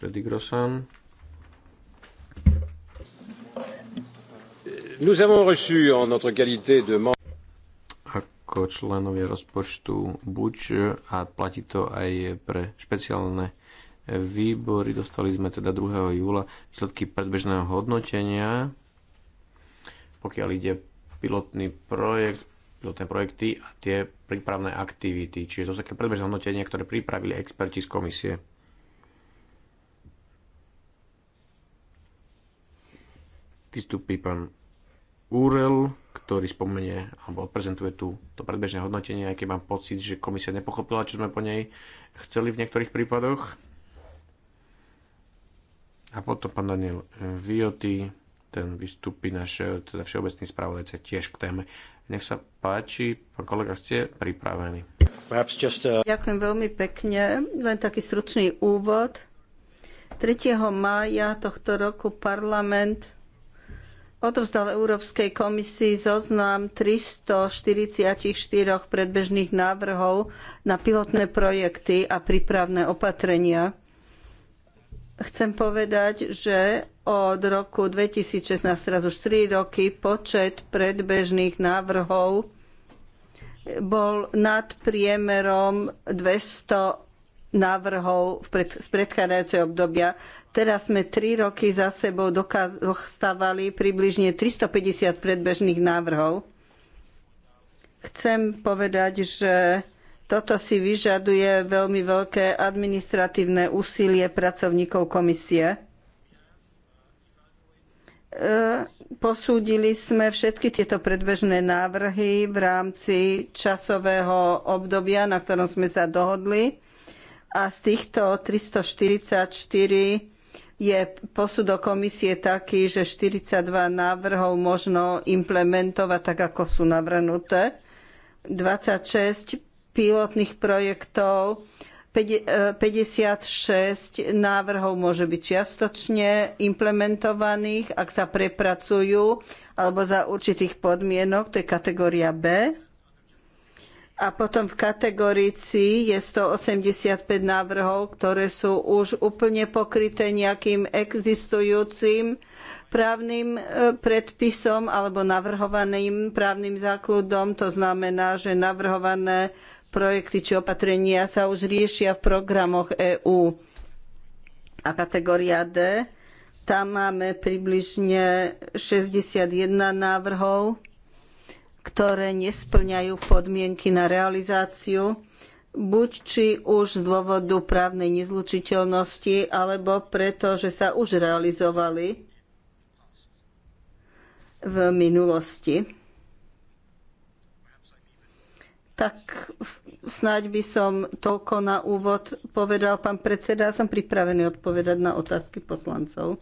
Freddy Grossan. Nous avons reçu en notre qualité de ako členovia rozpočtu buď a platí to aj pre špeciálne výbory. Dostali sme teda 2. júla výsledky predbežného hodnotenia, pokiaľ ide pilotný projekt, pilotné projekty a tie prípravné aktivity. Čiže to sú také predbežné hodnotenie, ktoré pripravili experti z komisie. vystúpi pán Úrel, ktorý spomenie alebo prezentuje tu to predbežné hodnotenie, aj keď mám pocit, že komisia nepochopila, čo sme po nej chceli v niektorých prípadoch. A potom pán Daniel Vioty, ten vystúpi naš teda všeobecný spravodajca tiež k téme. Nech sa páči, pán kolega, ste pripravení. Uh, Ďakujem veľmi pekne. Len taký stručný úvod. 3. mája tohto roku parlament odovzdal Európskej komisii zoznam 344 predbežných návrhov na pilotné projekty a prípravné opatrenia. Chcem povedať, že od roku 2016, teraz už 3 roky, počet predbežných návrhov bol nad priemerom 200 návrhov z predchádzajúceho obdobia. Teraz sme tri roky za sebou dostávali približne 350 predbežných návrhov. Chcem povedať, že toto si vyžaduje veľmi veľké administratívne úsilie pracovníkov komisie. E, posúdili sme všetky tieto predbežné návrhy v rámci časového obdobia, na ktorom sme sa dohodli. A z týchto 344 je posudok komisie taký, že 42 návrhov možno implementovať tak, ako sú navrhnuté. 26 pilotných projektov, 56 e, návrhov môže byť čiastočne implementovaných, ak sa prepracujú alebo za určitých podmienok, to je kategória B a potom v kategórii C je 185 návrhov, ktoré sú už úplne pokryté nejakým existujúcim právnym e, predpisom alebo navrhovaným právnym základom. To znamená, že navrhované projekty či opatrenia sa už riešia v programoch EÚ. A kategória D, tam máme približne 61 návrhov ktoré nesplňajú podmienky na realizáciu, buď či už z dôvodu právnej nezlučiteľnosti, alebo preto, že sa už realizovali v minulosti tak snáď by som toľko na úvod povedal. Pán predseda, som pripravený odpovedať na otázky poslancov.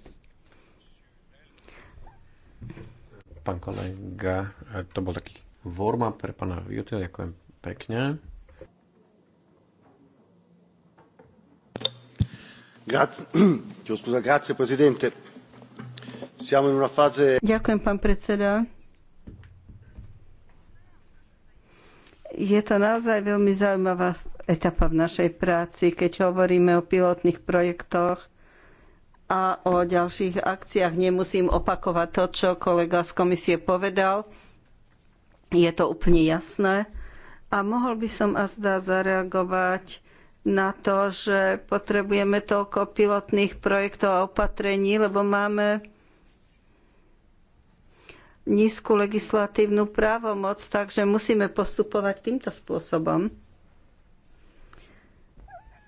Pán kolega, eh, to bol taký vorma pre pána Jutil, ďakujem pekne. Ďakujem, pán predseda. Je to naozaj veľmi zaujímavá etapa v našej práci, keď hovoríme o pilotných projektoch a o ďalších akciách. Nemusím opakovať to, čo kolega z komisie povedal. Je to úplne jasné. A mohol by som azda zareagovať na to, že potrebujeme toľko pilotných projektov a opatrení, lebo máme nízku legislatívnu právomoc, takže musíme postupovať týmto spôsobom.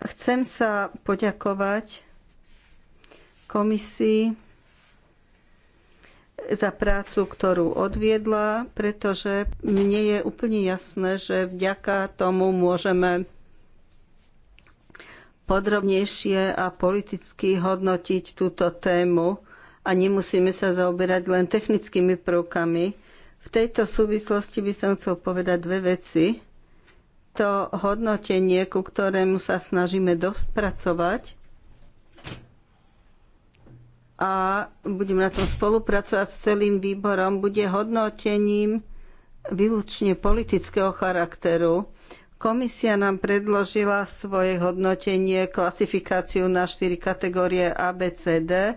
Chcem sa poďakovať komisii za prácu, ktorú odviedla, pretože mne je úplne jasné, že vďaka tomu môžeme podrobnejšie a politicky hodnotiť túto tému a nemusíme sa zaoberať len technickými prvkami. V tejto súvislosti by som chcel povedať dve veci. To hodnotenie, ku ktorému sa snažíme dopracovať, a budem na tom spolupracovať s celým výborom, bude hodnotením výlučne politického charakteru. Komisia nám predložila svoje hodnotenie, klasifikáciu na štyri kategórie A, B, C, D,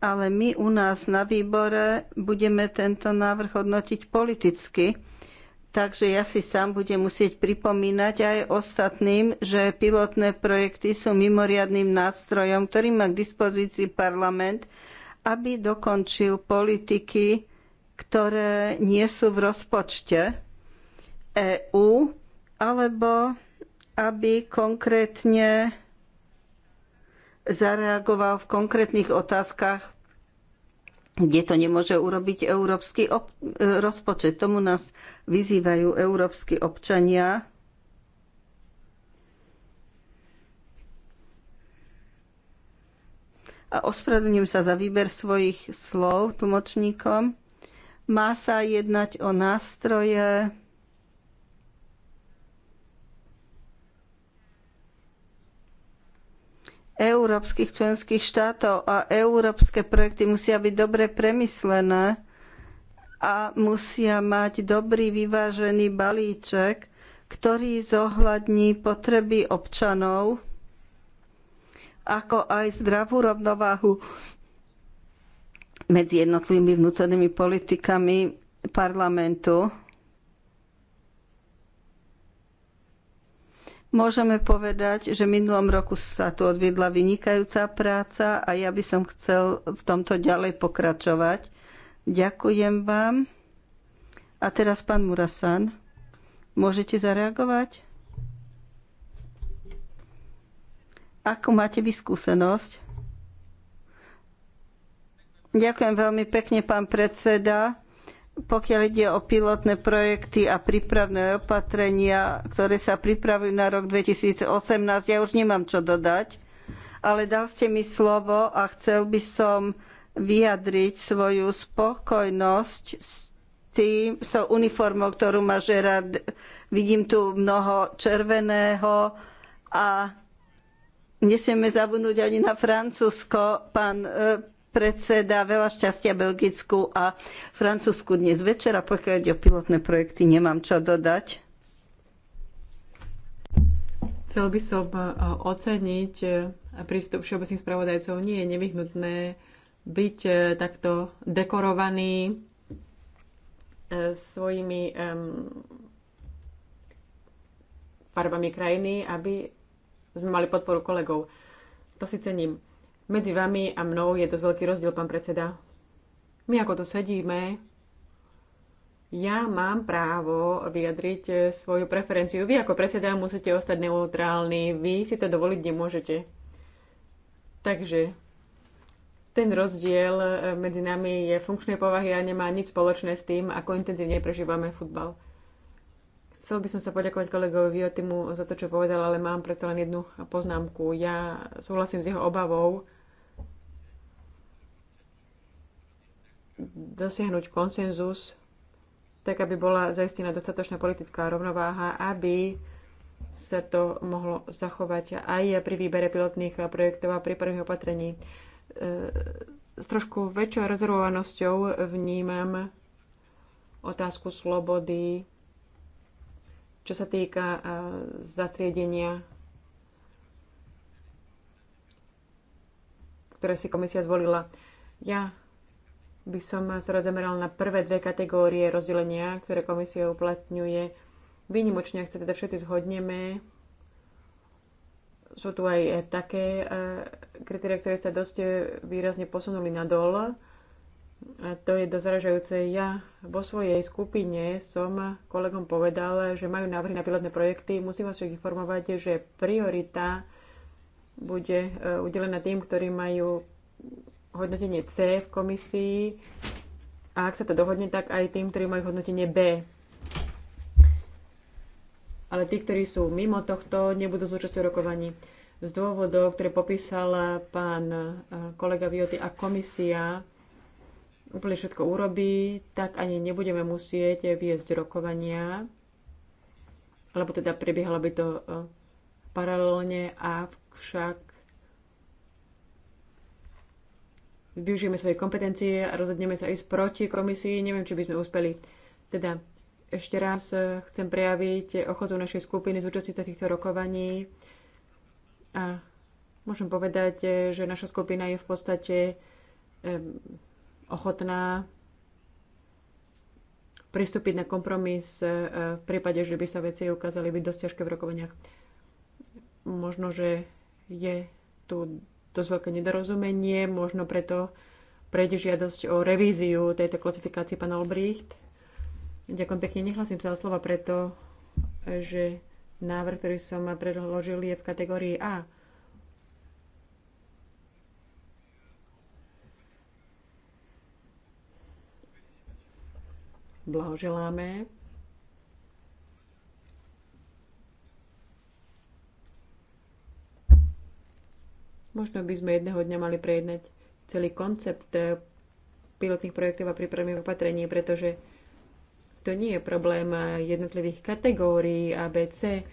ale my u nás na výbore budeme tento návrh hodnotiť politicky Takže ja si sám budem musieť pripomínať aj ostatným, že pilotné projekty sú mimoriadnym nástrojom, ktorý má k dispozícii parlament, aby dokončil politiky, ktoré nie sú v rozpočte EÚ, alebo aby konkrétne zareagoval v konkrétnych otázkach kde to nemôže urobiť európsky e, rozpočet. Tomu nás vyzývajú európsky občania. A ospravedlňujem sa za výber svojich slov tlmočníkom. Má sa jednať o nástroje, európskych členských štátov a európske projekty musia byť dobre premyslené a musia mať dobrý vyvážený balíček, ktorý zohľadní potreby občanov, ako aj zdravú rovnováhu medzi jednotlivými vnútornými politikami parlamentu Môžeme povedať, že minulom roku sa tu odviedla vynikajúca práca a ja by som chcel v tomto ďalej pokračovať. Ďakujem vám. A teraz pán Murasan, môžete zareagovať? Ako máte vy skúsenosť? Ďakujem veľmi pekne, pán predseda pokiaľ ide o pilotné projekty a prípravné opatrenia, ktoré sa pripravujú na rok 2018, ja už nemám čo dodať, ale dal ste mi slovo a chcel by som vyjadriť svoju spokojnosť s tým, s tou uniformou, ktorú má Žerard. Vidím tu mnoho červeného a nesmieme zabudnúť ani na Francúzsko. Pán eh, predseda. Veľa šťastia Belgicku a Francúzsku dnes večera. Pokiaľ ide o pilotné projekty, nemám čo dodať. Chcel by som e, oceniť e, prístup všeobecných spravodajcov. Nie je nevyhnutné byť e, takto dekorovaný svojimi farbami krajiny, aby sme mali podporu kolegov. To si cením. Medzi vami a mnou je dosť veľký rozdiel, pán predseda. My ako to sedíme, ja mám právo vyjadriť svoju preferenciu. Vy ako predseda musíte ostať neutrálni, vy si to dovoliť nemôžete. Takže ten rozdiel eh, medzi nami je funkčnej povahy a nemá nič spoločné s tým, ako intenzívne prežívame futbal. Chcel by som sa poďakovať kolegovi Viotimu za to, čo povedal, ale mám predsa len jednu poznámku. Ja súhlasím s jeho obavou, dosiahnuť konsenzus, tak aby bola zaistená dostatočná politická rovnováha, aby sa to mohlo zachovať aj pri výbere pilotných projektov a pri prvých opatrení. E, s trošku väčšou rezervovanosťou vnímam otázku slobody, čo sa týka e, zatriedenia, ktoré si komisia zvolila. Ja by som sa rád zameral na prvé dve kategórie rozdelenia, ktoré komisia uplatňuje. Výnimočne, ak sa teda všetci zhodneme, sú tu aj e, také e, kritéria, ktoré sa dosť výrazne posunuli nadol. A e, to je dozražajúce. Ja vo svojej skupine som kolegom povedal, že majú návrhy na pilotné projekty. Musím vás však informovať, že priorita bude udelená tým, ktorí majú hodnotenie C v komisii a ak sa to dohodne, tak aj tým, ktorí majú hodnotenie B. Ale tí, ktorí sú mimo tohto, nebudú zúčastňovať rokovaní. Z dôvodov, ktoré popísal pán e, kolega Vioty a komisia, úplne všetko urobí, tak ani nebudeme musieť viesť rokovania, lebo teda prebiehalo by to e, paralelne, avšak využijeme svoje kompetencie a rozhodneme sa ísť proti komisii. Neviem, či by sme uspeli. Teda ešte raz eh, chcem prejaviť ochotu našej skupiny zúčastniť sa týchto rokovaní a môžem povedať, eh, že naša skupina je v podstate ochotná pristúpiť na kompromis eh, v prípade, že by sa veci ukázali byť dosť ťažké v rokovaniach. Možno, že je tu dosť veľké nedorozumenie, možno preto prejde žiadosť o revíziu tejto klasifikácie pán Olbricht. Ďakujem pekne, nehlasím sa o slova preto, že návrh, ktorý som predložil, je v kategórii A. Blahoželáme Možno by sme jedného dňa mali prejednať celý koncept eh, pilotných projektov a prípravných opatrení, pretože to nie je problém eh, jednotlivých kategórií ABC.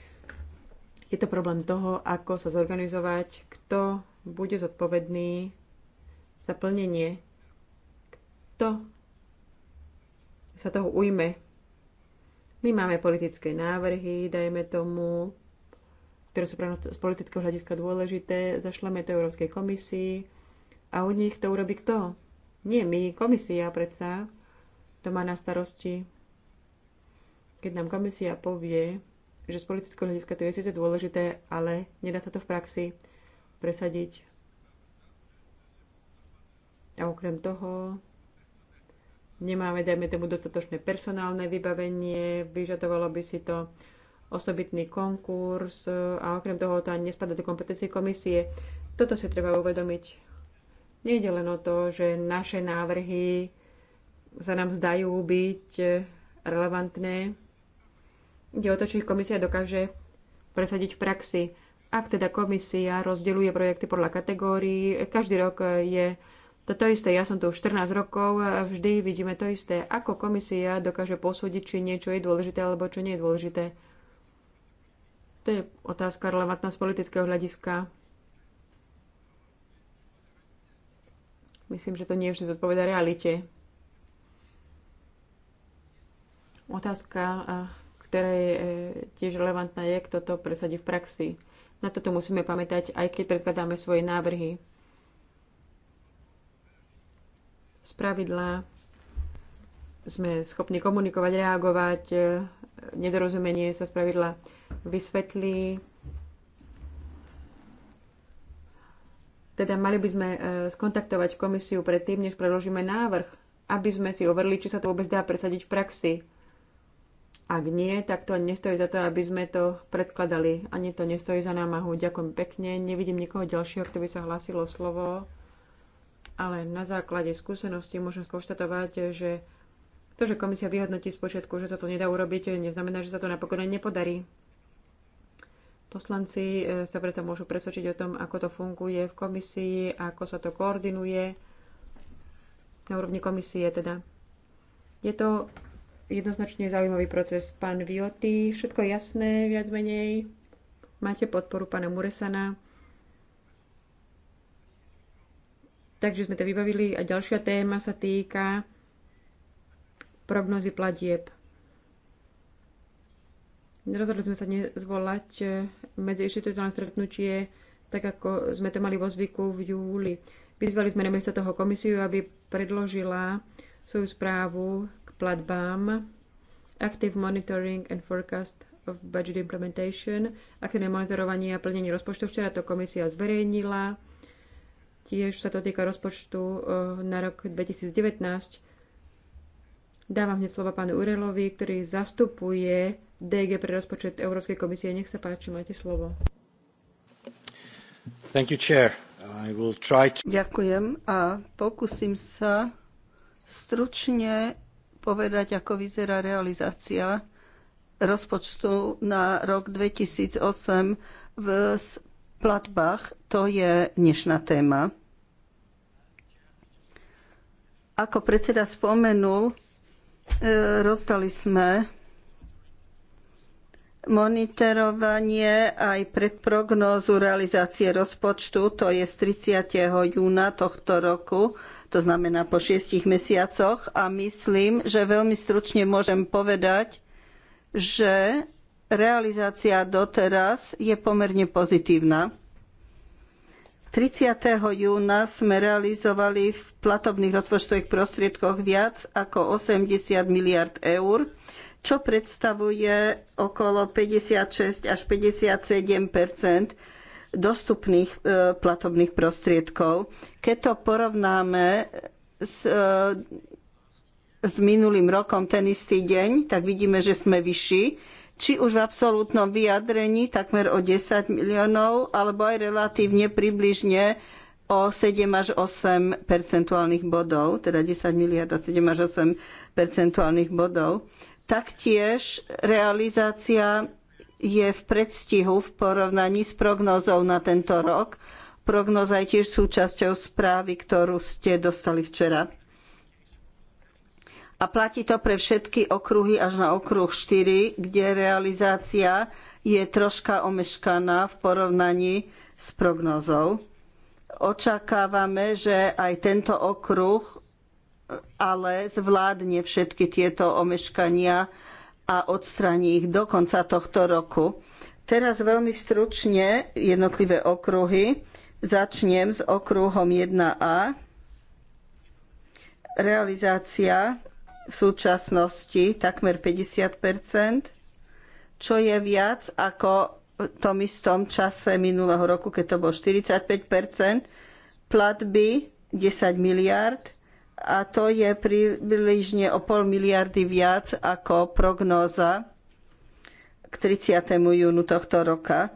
Je to problém toho, ako sa zorganizovať, kto bude zodpovedný za plnenie, kto sa toho ujme. My máme politické návrhy, dajme tomu, ktoré sú pre nás z politického hľadiska dôležité, zašleme to Európskej komisii a u nich to urobí kto? Nie my, komisia predsa. To má na starosti. Keď nám komisia povie, že z politického hľadiska to je síce dôležité, ale nedá sa to v praxi presadiť. A okrem toho nemáme, dajme tomu, dostatočné personálne vybavenie, vyžadovalo by si to osobitný konkurs e, a okrem toho to ani nespadá do kompetencie komisie. Toto si treba uvedomiť. Nejde len o to, že naše návrhy sa nám zdajú byť e, relevantné. Ide o to, či ich komisia dokáže presadiť v praxi. Ak teda komisia rozdeľuje projekty podľa kategórií, každý rok je to isté. Ja som tu už 14 rokov a vždy vidíme to isté. Ako komisia dokáže posúdiť, či niečo je dôležité alebo čo nie je dôležité. To je otázka relevantná z politického hľadiska. Myslím, že to nie vždy zodpoveda realite. Otázka, ktorá je e, tiež relevantná, je, kto to presadí v praxi. Na toto musíme pamätať, aj keď predkladáme svoje návrhy. Z pravidla sme schopní komunikovať, reagovať, e, nedorozumenie sa spravidla vysvetlí. Teda mali by sme e, skontaktovať komisiu predtým, než predložíme návrh, aby sme si overili, či sa to vôbec dá presadiť v praxi. Ak nie, tak to nestojí za to, aby sme to predkladali. Ani to nestojí za námahu. Ďakujem pekne. Nevidím nikoho ďalšieho, kto by sa hlásilo slovo. Ale na základe skúsenosti môžem skonštatovať, že to, že komisia vyhodnotí z počiatku, že sa to nedá urobiť, neznamená, že sa to napokon nepodarí. Poslanci e, sa preto môžu presvedčiť o tom, ako to funguje v komisii, ako sa to koordinuje na úrovni komisie teda. Je to jednoznačne zaujímavý proces. Pán Vioty, všetko jasné, viac menej. Máte podporu pána Muresana. Takže sme to vybavili a ďalšia téma sa týka prognozy platieb. Rozhodli sme sa nezvolať e, medziinstitucionálne stretnutie, tak ako sme to mali vo zvyku v júli. Vyzvali sme namiesto toho komisiu, aby predložila svoju správu k platbám Active Monitoring and Forecast of Budget Implementation, aktívne monitorovanie a plnenie rozpočtu. Včera to komisia zverejnila. Tiež sa to týka rozpočtu e, na rok 2019. Dávam hneď slova pánu Urelovi, ktorý zastupuje DG pre rozpočet Európskej komisie. Nech sa páči, máte slovo. Thank you, chair. I will try to... Ďakujem a pokúsim sa stručne povedať, ako vyzerá realizácia rozpočtu na rok 2008 v platbách. To je dnešná téma. Ako predseda spomenul, E, rozdali sme monitorovanie aj predprognózu realizácie rozpočtu, to je z 30. júna tohto roku, to znamená po šiestich mesiacoch a myslím, že veľmi stručne môžem povedať, že realizácia doteraz je pomerne pozitívna. 30. júna sme realizovali v platobných rozpočtových prostriedkoch viac ako 80 miliard eur, čo predstavuje okolo 56 až 57 dostupných e, platobných prostriedkov. Keď to porovnáme s, e, s minulým rokom ten istý deň, tak vidíme, že sme vyšší či už v absolútnom vyjadrení takmer o 10 miliónov, alebo aj relatívne približne o 7 až 8 percentuálnych bodov, teda 10 miliard a 7 až 8 percentuálnych bodov. Taktiež realizácia je v predstihu v porovnaní s prognózou na tento rok. Prognoza je tiež súčasťou správy, ktorú ste dostali včera. A platí to pre všetky okruhy až na okruh 4, kde realizácia je troška omeškaná v porovnaní s prognózou. Očakávame, že aj tento okruh ale zvládne všetky tieto omeškania a odstraní ich do konca tohto roku. Teraz veľmi stručne jednotlivé okruhy. Začnem s okruhom 1a. Realizácia v súčasnosti takmer 50 čo je viac ako v tom istom čase minulého roku, keď to bolo 45 platby 10 miliard a to je približne o pol miliardy viac ako prognóza k 30. júnu tohto roka.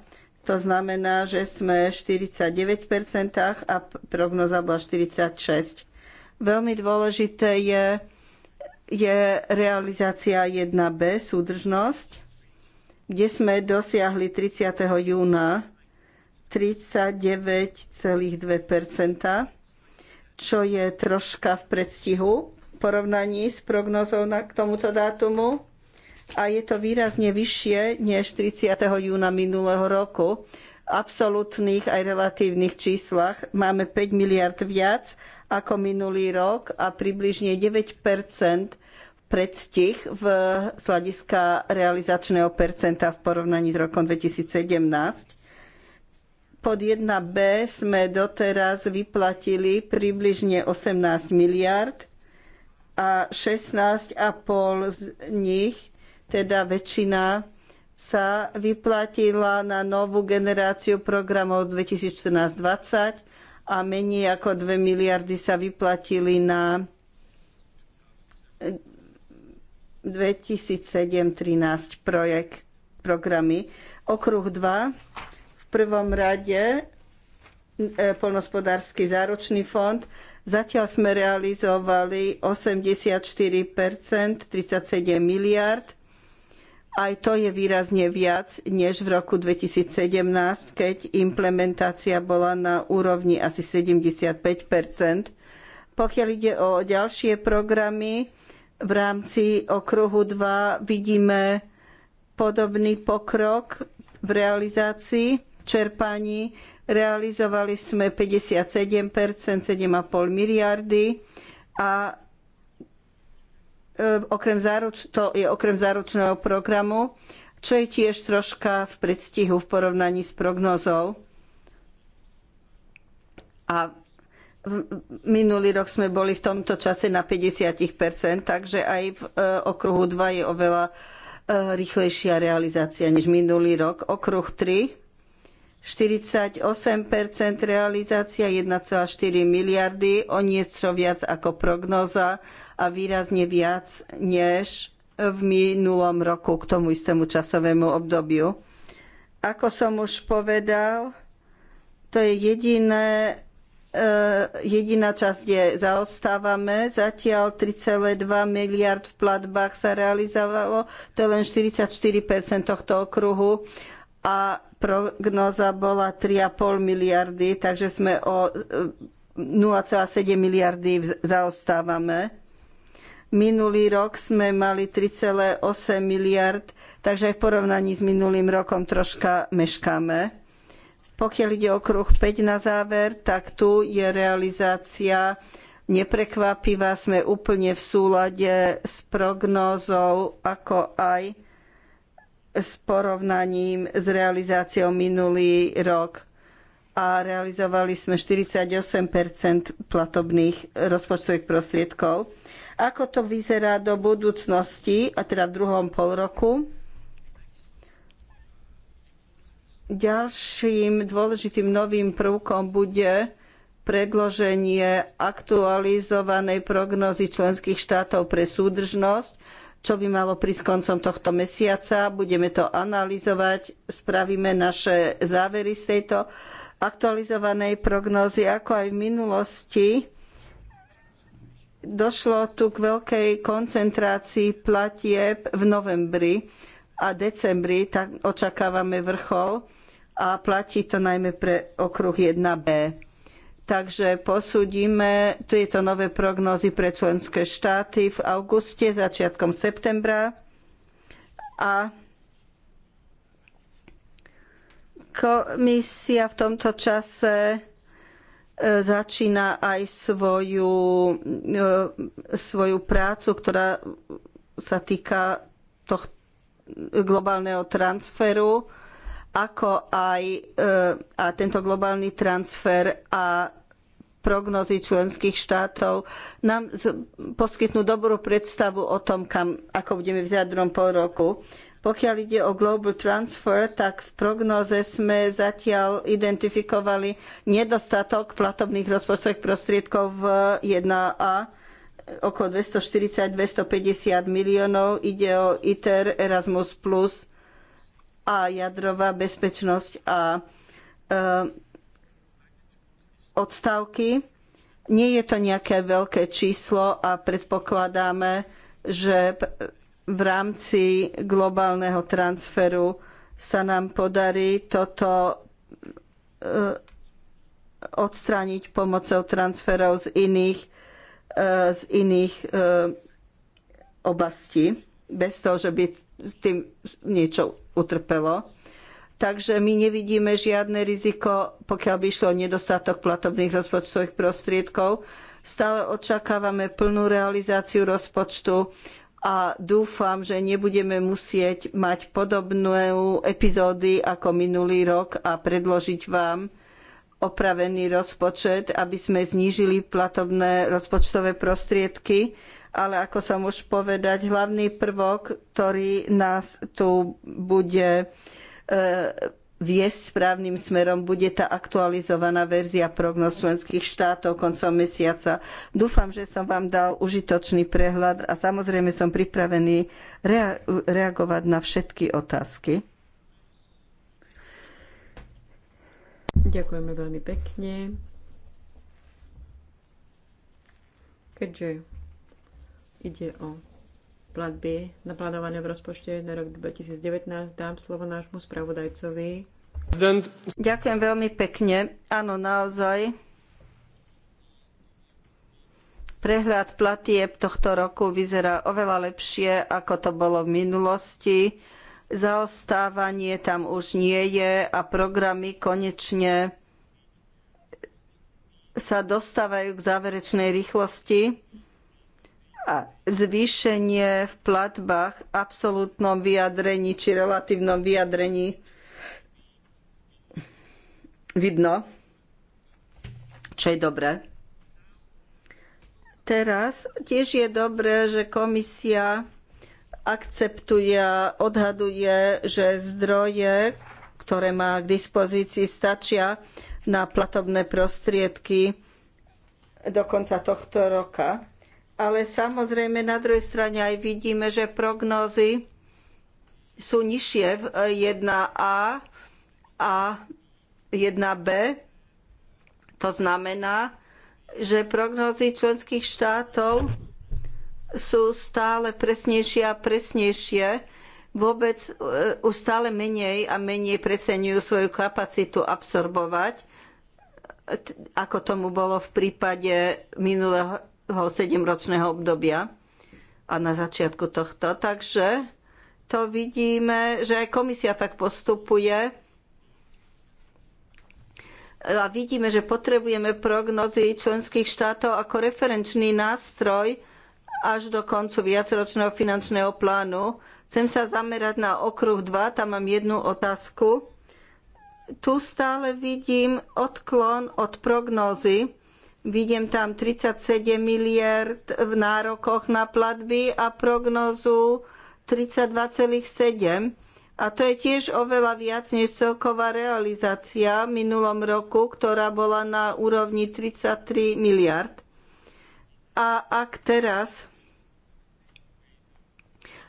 To znamená, že sme v 49 a prognoza bola 46 Veľmi dôležité je je realizácia 1B, súdržnosť, kde sme dosiahli 30. júna 39,2%, čo je troška v predstihu v porovnaní s prognozou k tomuto dátumu a je to výrazne vyššie než 30. júna minulého roku. V absolútnych aj relatívnych číslach máme 5 miliard viac ako minulý rok a približne 9 predstih v z hľadiska realizačného percenta v porovnaní s rokom 2017. Pod 1B sme doteraz vyplatili približne 18 miliard a 16,5 z nich, teda väčšina, sa vyplatila na novú generáciu programov 2014-2020 a menej ako 2 miliardy sa vyplatili na 2007 2013 projekt, programy. Okruh 2 v prvom rade e, polnospodársky záročný fond. Zatiaľ sme realizovali 84 37 miliard. Aj to je výrazne viac než v roku 2017, keď implementácia bola na úrovni asi 75 Pokiaľ ide o ďalšie programy, v rámci okruhu 2 vidíme podobný pokrok v realizácii, čerpaní. Realizovali sme 57%, 7,5 miliardy a e, okrem záruč, to je okrem záručného programu, čo je tiež troška v predstihu v porovnaní s prognózou. A Minulý rok sme boli v tomto čase na 50%, takže aj v e, okruhu 2 je oveľa e, rýchlejšia realizácia než minulý rok. Okruh 3 48% realizácia 1,4 miliardy, o niečo viac ako prognoza a výrazne viac než v minulom roku k tomu istému časovému obdobiu. Ako som už povedal, to je jediné E, jediná časť je zaostávame, zatiaľ 3,2 miliard v platbách sa realizovalo, to je len 44% tohto okruhu a prognoza bola 3,5 miliardy, takže sme o 0,7 e, miliardy zaostávame. Minulý rok sme mali 3,8 miliard, takže aj v porovnaní s minulým rokom troška meškáme pokiaľ ide o kruh 5 na záver, tak tu je realizácia neprekvapivá. Sme úplne v súlade s prognózou, ako aj s porovnaním s realizáciou minulý rok a realizovali sme 48 platobných rozpočtových prostriedkov. Ako to vyzerá do budúcnosti, a teda v druhom polroku? Ďalším dôležitým novým prvkom bude predloženie aktualizovanej prognozy členských štátov pre súdržnosť, čo by malo prísť koncom tohto mesiaca. Budeme to analyzovať, spravíme naše závery z tejto aktualizovanej prognózy, ako aj v minulosti. Došlo tu k veľkej koncentrácii platieb v novembri a decembri, tak očakávame vrchol a platí to najmä pre okruh 1b. Takže posúdime tieto nové prognózy pre členské štáty v auguste, začiatkom septembra a komisia v tomto čase e, začína aj svoju, e, svoju prácu, ktorá sa týka toho globálneho transferu ako aj e, a tento globálny transfer a prognozy členských štátov nám poskytnú dobrú predstavu o tom, kam, ako budeme v zadrom pol roku. Pokiaľ ide o global transfer, tak v prognoze sme zatiaľ identifikovali nedostatok platobných rozpočtových prostriedkov v 1A okolo 240-250 miliónov. Ide o ITER, Erasmus+, a jadrová bezpečnosť a e, odstávky. Nie je to nejaké veľké číslo a predpokladáme, že v rámci globálneho transferu sa nám podarí toto e, odstrániť pomocou transferov z iných, e, z iných oblastí, bez toho, že by tým niečo utrpelo. Takže my nevidíme žiadne riziko, pokiaľ by išlo o nedostatok platobných rozpočtových prostriedkov. Stále očakávame plnú realizáciu rozpočtu a dúfam, že nebudeme musieť mať podobnú epizódy ako minulý rok a predložiť vám opravený rozpočet, aby sme znížili platobné rozpočtové prostriedky ale ako som už povedať, hlavný prvok, ktorý nás tu bude e, viesť správnym smerom, bude tá aktualizovaná verzia prognoz členských štátov koncom mesiaca. Dúfam, že som vám dal užitočný prehľad a samozrejme som pripravený rea reagovať na všetky otázky. Ďakujeme veľmi pekne. Keďže Ide o platby naplánované v rozpočte na rok 2019. Dám slovo nášmu spravodajcovi. Ďakujem veľmi pekne. Áno, naozaj. Prehľad platieb tohto roku vyzerá oveľa lepšie, ako to bolo v minulosti. Zaostávanie tam už nie je a programy konečne sa dostávajú k záverečnej rýchlosti zvýšenie v platbách, v absolútnom vyjadrení či relatívnom vyjadrení vidno, čo je dobré. Teraz tiež je dobré, že komisia akceptuje, odhaduje, že zdroje, ktoré má k dispozícii, stačia na platobné prostriedky do konca tohto roka ale samozrejme na druhej strane aj vidíme, že prognózy sú nižšie v 1A a 1B. To znamená, že prognózy členských štátov sú stále presnejšie a presnejšie, vôbec e, už stále menej a menej preceňujú svoju kapacitu absorbovať, ako tomu bolo v prípade minulého sedemročného obdobia a na začiatku tohto. Takže to vidíme, že aj komisia tak postupuje a vidíme, že potrebujeme prognozy členských štátov ako referenčný nástroj až do koncu viacročného finančného plánu. Chcem sa zamerať na okruh 2, tam mám jednu otázku. Tu stále vidím odklon od prognozy. Vidím tam 37 miliard v nárokoch na platby a prognozu 32,7. A to je tiež oveľa viac než celková realizácia v minulom roku, ktorá bola na úrovni 33 miliard. A ak teraz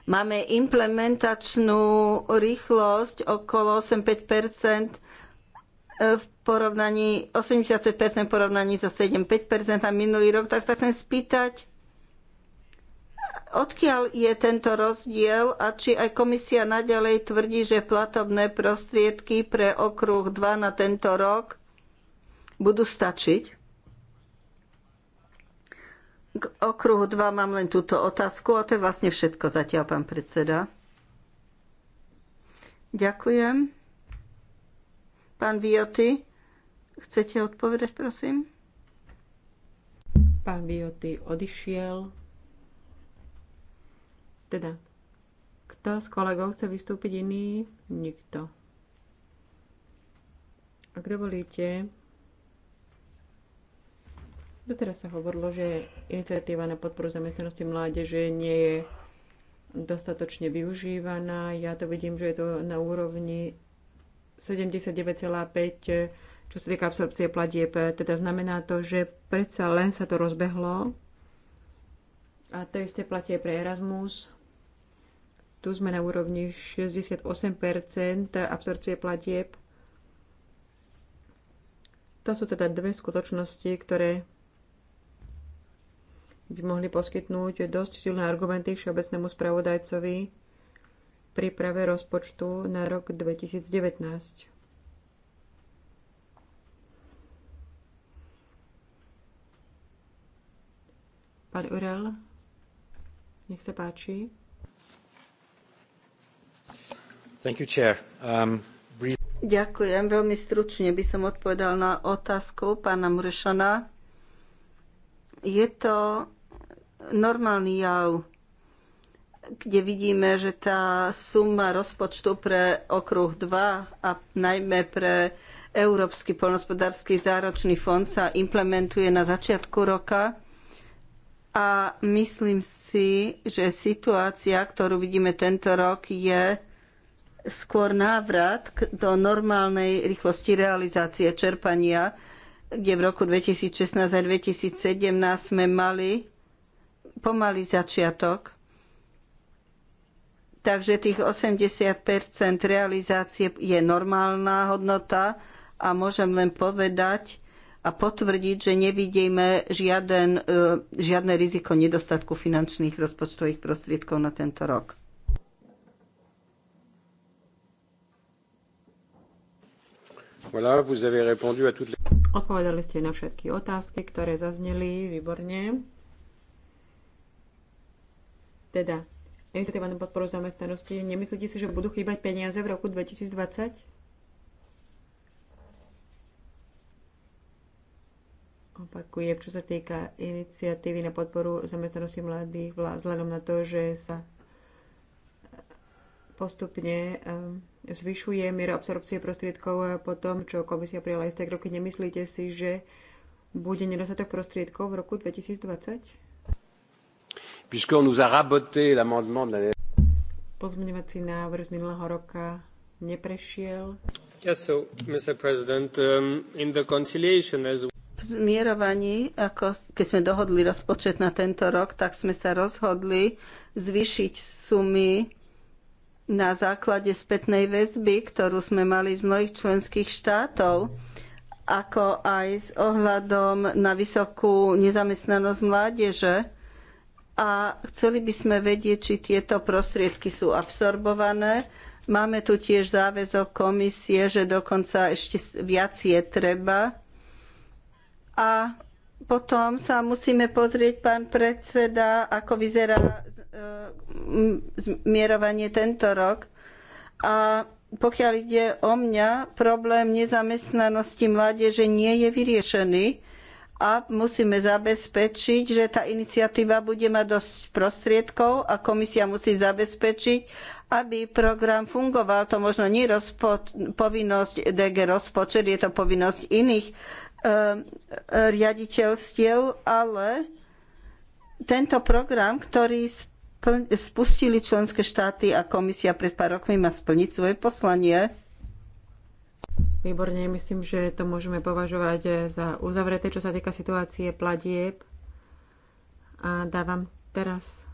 máme implementačnú rýchlosť okolo 85 v porovnaní 85% v porovnaní so 7,5% minulý rok, tak sa chcem spýtať, odkiaľ je tento rozdiel a či aj komisia naďalej tvrdí, že platobné prostriedky pre okruh 2 na tento rok budú stačiť? K okruhu 2 mám len túto otázku a to je vlastne všetko zatiaľ, pán predseda. Ďakujem. Pán Vioty, chcete odpovedať, prosím? Pán Vioty odišiel. Teda, kto z kolegov chce vystúpiť iný? Nikto. Ak dovolíte, doteraz no sa hovorilo, že iniciatíva na podporu zamestnanosti mládeže nie je dostatočne využívaná. Ja to vidím, že je to na úrovni 79,5, čo sa týka absorpcie platieb. Teda znamená to, že predsa len sa to rozbehlo. A to isté platie pre Erasmus. Tu sme na úrovni 68% absorpcie platieb. To sú teda dve skutočnosti, ktoré by mohli poskytnúť dosť silné argumenty všeobecnému spravodajcovi príprave rozpočtu na rok 2019. Pán Urel, nech sa páči. Thank you, chair. Um, brief... Ďakujem. Veľmi stručne by som odpovedal na otázku pána Murešana. Je to normálny jav kde vidíme, že tá suma rozpočtu pre okruh 2 a najmä pre Európsky polnospodársky záročný fond sa implementuje na začiatku roka. A myslím si, že situácia, ktorú vidíme tento rok, je skôr návrat do normálnej rýchlosti realizácie čerpania, kde v roku 2016 a 2017 sme mali pomalý začiatok Takže tých 80 realizácie je normálna hodnota a môžem len povedať a potvrdiť, že nevidíme žiaden, e, žiadne riziko nedostatku finančných rozpočtových prostriedkov na tento rok. Voilà, vous avez répondu à toutes les... Odpovedali ste na všetky otázky, ktoré zazneli. Výborne. Teda iniciatíva na podporu zamestnanosti. Nemyslíte si, že budú chýbať peniaze v roku 2020? Opakujem, čo sa týka iniciatívy na podporu zamestnanosti mladých, vzhľadom na to, že sa e, postupne e, zvyšuje miera absorpcie prostriedkov po tom, čo komisia prijala isté kroky. Nemyslíte si, že bude nedostatok prostriedkov v roku 2020? puisqu'on nous a raboté l'amendement de l'année. Pozmeňovací návrh z minulého roka neprešiel. Yes, so, Mr. President, um, in the conciliation as v zmierovaní, ako keď sme dohodli rozpočet na tento rok, tak sme sa rozhodli zvýšiť sumy na základe spätnej väzby, ktorú sme mali z mnohých členských štátov, ako aj s ohľadom na vysokú nezamestnanosť mládeže a chceli by sme vedieť, či tieto prostriedky sú absorbované. Máme tu tiež záväzok komisie, že dokonca ešte viac je treba. A potom sa musíme pozrieť, pán predseda, ako vyzerá e, zmierovanie tento rok. A pokiaľ ide o mňa, problém nezamestnanosti mládeže nie je vyriešený a musíme zabezpečiť, že tá iniciatíva bude mať dosť prostriedkov a komisia musí zabezpečiť, aby program fungoval. To možno nie rozpo- povinnosť DG rozpočet, je to povinnosť iných e, riaditeľstiev, ale tento program, ktorý spustili členské štáty a komisia pred pár rokmi, má splniť svoje poslanie. Výborne, myslím, že to môžeme považovať za uzavreté, čo sa týka situácie platieb. A dávam teraz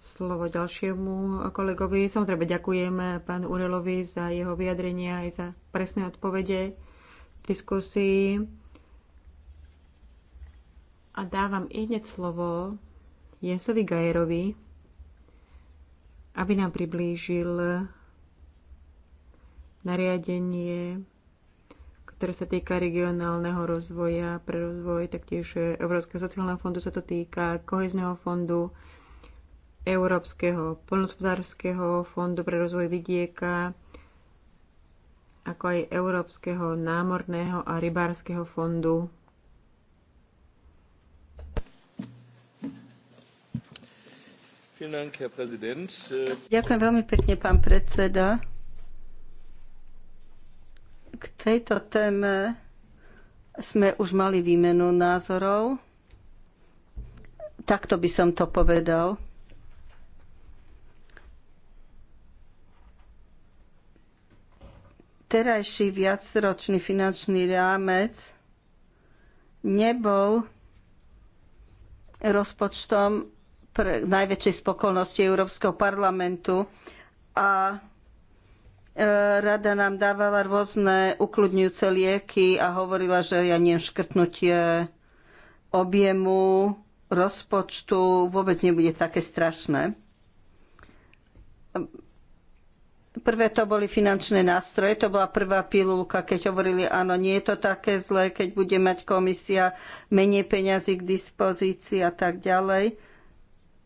slovo ďalšiemu kolegovi. Samozrejme ďakujem pán Urelovi za jeho vyjadrenia aj za presné odpovede v diskusii. A dávam i hneď slovo Jensovi Gajerovi, aby nám priblížil nariadenie, ktoré sa týka regionálneho rozvoja pre rozvoj, taktiež e, Európskeho sociálneho fondu sa to týka, kohezného fondu, Európskeho poľnohospodárskeho fondu pre rozvoj vidieka, ako aj Európskeho námorného a rybárskeho fondu. Ďakujem veľmi pekne, pán predseda. K tejto téme sme už mali výmenu názorov. Takto by som to povedal. Terajší viacročný finančný rámec nebol rozpočtom pre najväčšej spokojnosti Európskeho parlamentu a E, rada nám dávala rôzne ukludňujúce lieky a hovorila, že ja neviem, škrtnutie objemu rozpočtu vôbec nebude také strašné. Prvé to boli finančné nástroje, to bola prvá pilulka, keď hovorili, áno, nie je to také zlé, keď bude mať komisia menej peňazí k dispozícii a tak ďalej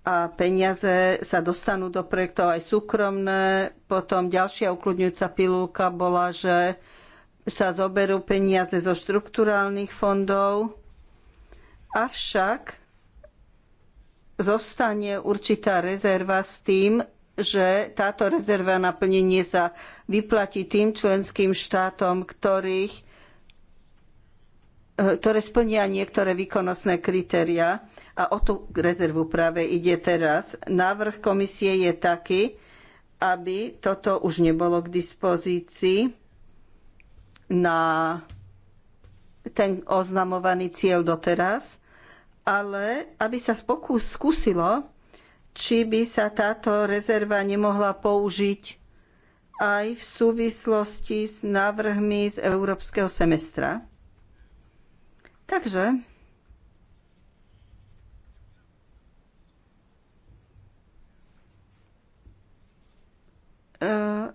a peniaze sa dostanú do projektov aj súkromné. Potom ďalšia ukludňujúca pilulka bola, že sa zoberú peniaze zo štrukturálnych fondov, avšak zostane určitá rezerva s tým, že táto rezerva na plnenie sa vyplatí tým členským štátom, ktorých ktoré splnia niektoré výkonnostné kritériá a o tú rezervu práve ide teraz. Návrh komisie je taký, aby toto už nebolo k dispozícii na ten oznamovaný cieľ doteraz, ale aby sa pokus skúsilo, či by sa táto rezerva nemohla použiť aj v súvislosti s návrhmi z európskeho semestra Takže e,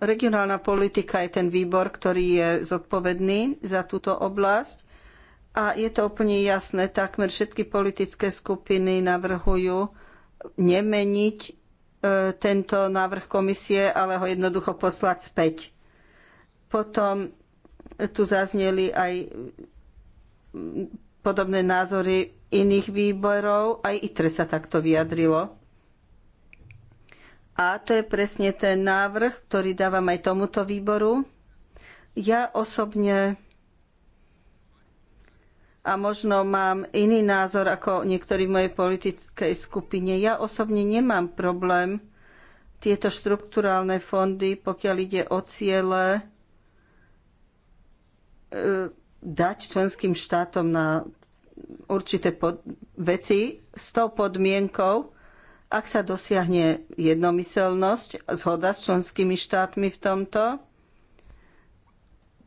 regionálna politika je ten výbor, ktorý je zodpovedný za túto oblasť. A je to úplne jasné, takmer všetky politické skupiny navrhujú nemeniť e, tento návrh komisie, ale ho jednoducho poslať späť. Potom tu zazneli aj podobné názory iných výborov, aj ITRE sa takto vyjadrilo. A to je presne ten návrh, ktorý dávam aj tomuto výboru. Ja osobne a možno mám iný názor ako niektorí v mojej politickej skupine. Ja osobne nemám problém tieto štrukturálne fondy, pokiaľ ide o ciele, e dať členským štátom na určité pod- veci s tou podmienkou, ak sa dosiahne jednomyselnosť, zhoda s členskými štátmi v tomto.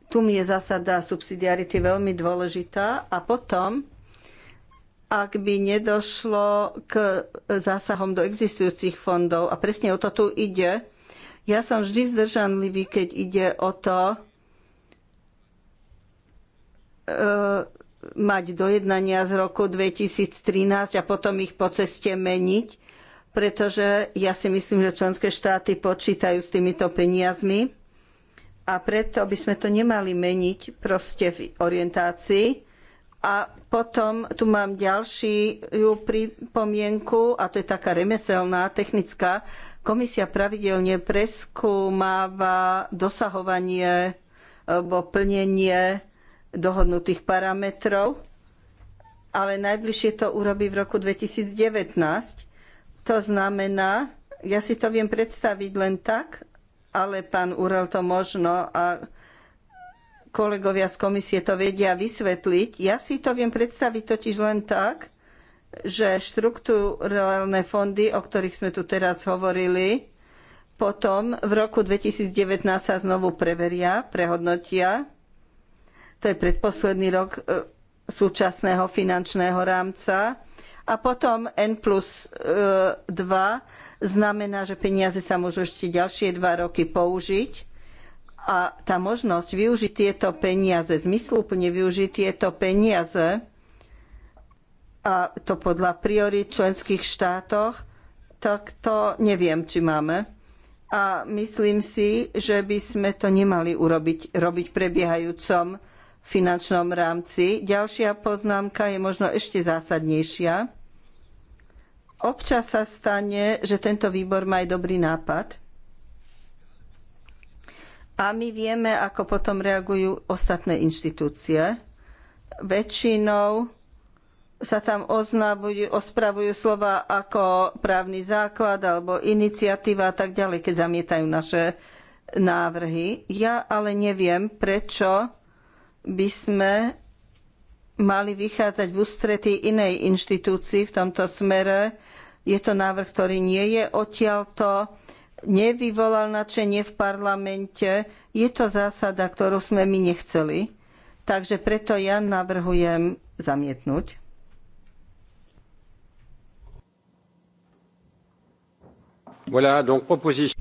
Tu mi je zásada subsidiarity veľmi dôležitá a potom, ak by nedošlo k zásahom do existujúcich fondov, a presne o to tu ide, ja som vždy zdržanlivý, keď ide o to, E, mať dojednania z roku 2013 a potom ich po ceste meniť, pretože ja si myslím, že členské štáty počítajú s týmito peniazmi a preto by sme to nemali meniť proste v orientácii. A potom tu mám ďalšiu pripomienku, a to je taká remeselná, technická. Komisia pravidelne preskúmáva dosahovanie alebo plnenie dohodnutých parametrov, ale najbližšie to urobí v roku 2019. To znamená, ja si to viem predstaviť len tak, ale pán Urel to možno a kolegovia z komisie to vedia vysvetliť. Ja si to viem predstaviť totiž len tak, že štruktúrálne fondy, o ktorých sme tu teraz hovorili, potom v roku 2019 sa znovu preveria, prehodnotia to je predposledný rok e, súčasného finančného rámca. A potom N plus 2 e, znamená, že peniaze sa môžu ešte ďalšie dva roky použiť. A tá možnosť využiť tieto peniaze, zmysluplne využiť tieto peniaze, a to podľa priorit členských štátoch, tak to neviem, či máme. A myslím si, že by sme to nemali urobiť robiť prebiehajúcom finančnom rámci. Ďalšia poznámka je možno ešte zásadnejšia. Občas sa stane, že tento výbor má aj dobrý nápad a my vieme, ako potom reagujú ostatné inštitúcie. Väčšinou sa tam oznamujú, ospravujú slova ako právny základ alebo iniciatíva a tak ďalej, keď zamietajú naše návrhy. Ja ale neviem, prečo by sme mali vychádzať v ústretí inej inštitúcii v tomto smere. Je to návrh, ktorý nie je odtiaľto, nevyvolal načenie v parlamente. Je to zásada, ktorú sme my nechceli. Takže preto ja navrhujem zamietnúť. Voilà, donc proposition.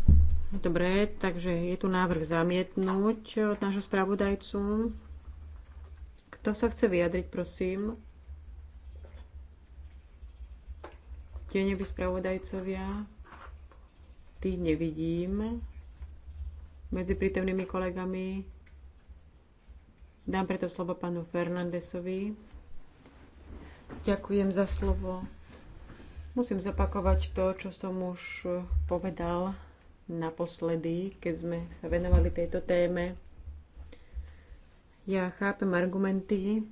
Dobre, takže je tu návrh zamietnúť od nášho spravodajcu. Kto sa chce vyjadriť, prosím? neby spravodajcovia. Tých nevidím. Medzi prítomnými kolegami dám preto slovo panu Fernandesovi. Ďakujem za slovo. Musím zopakovať to, čo som už povedal naposledy, keď sme sa venovali tejto téme. Ja chápem argumenty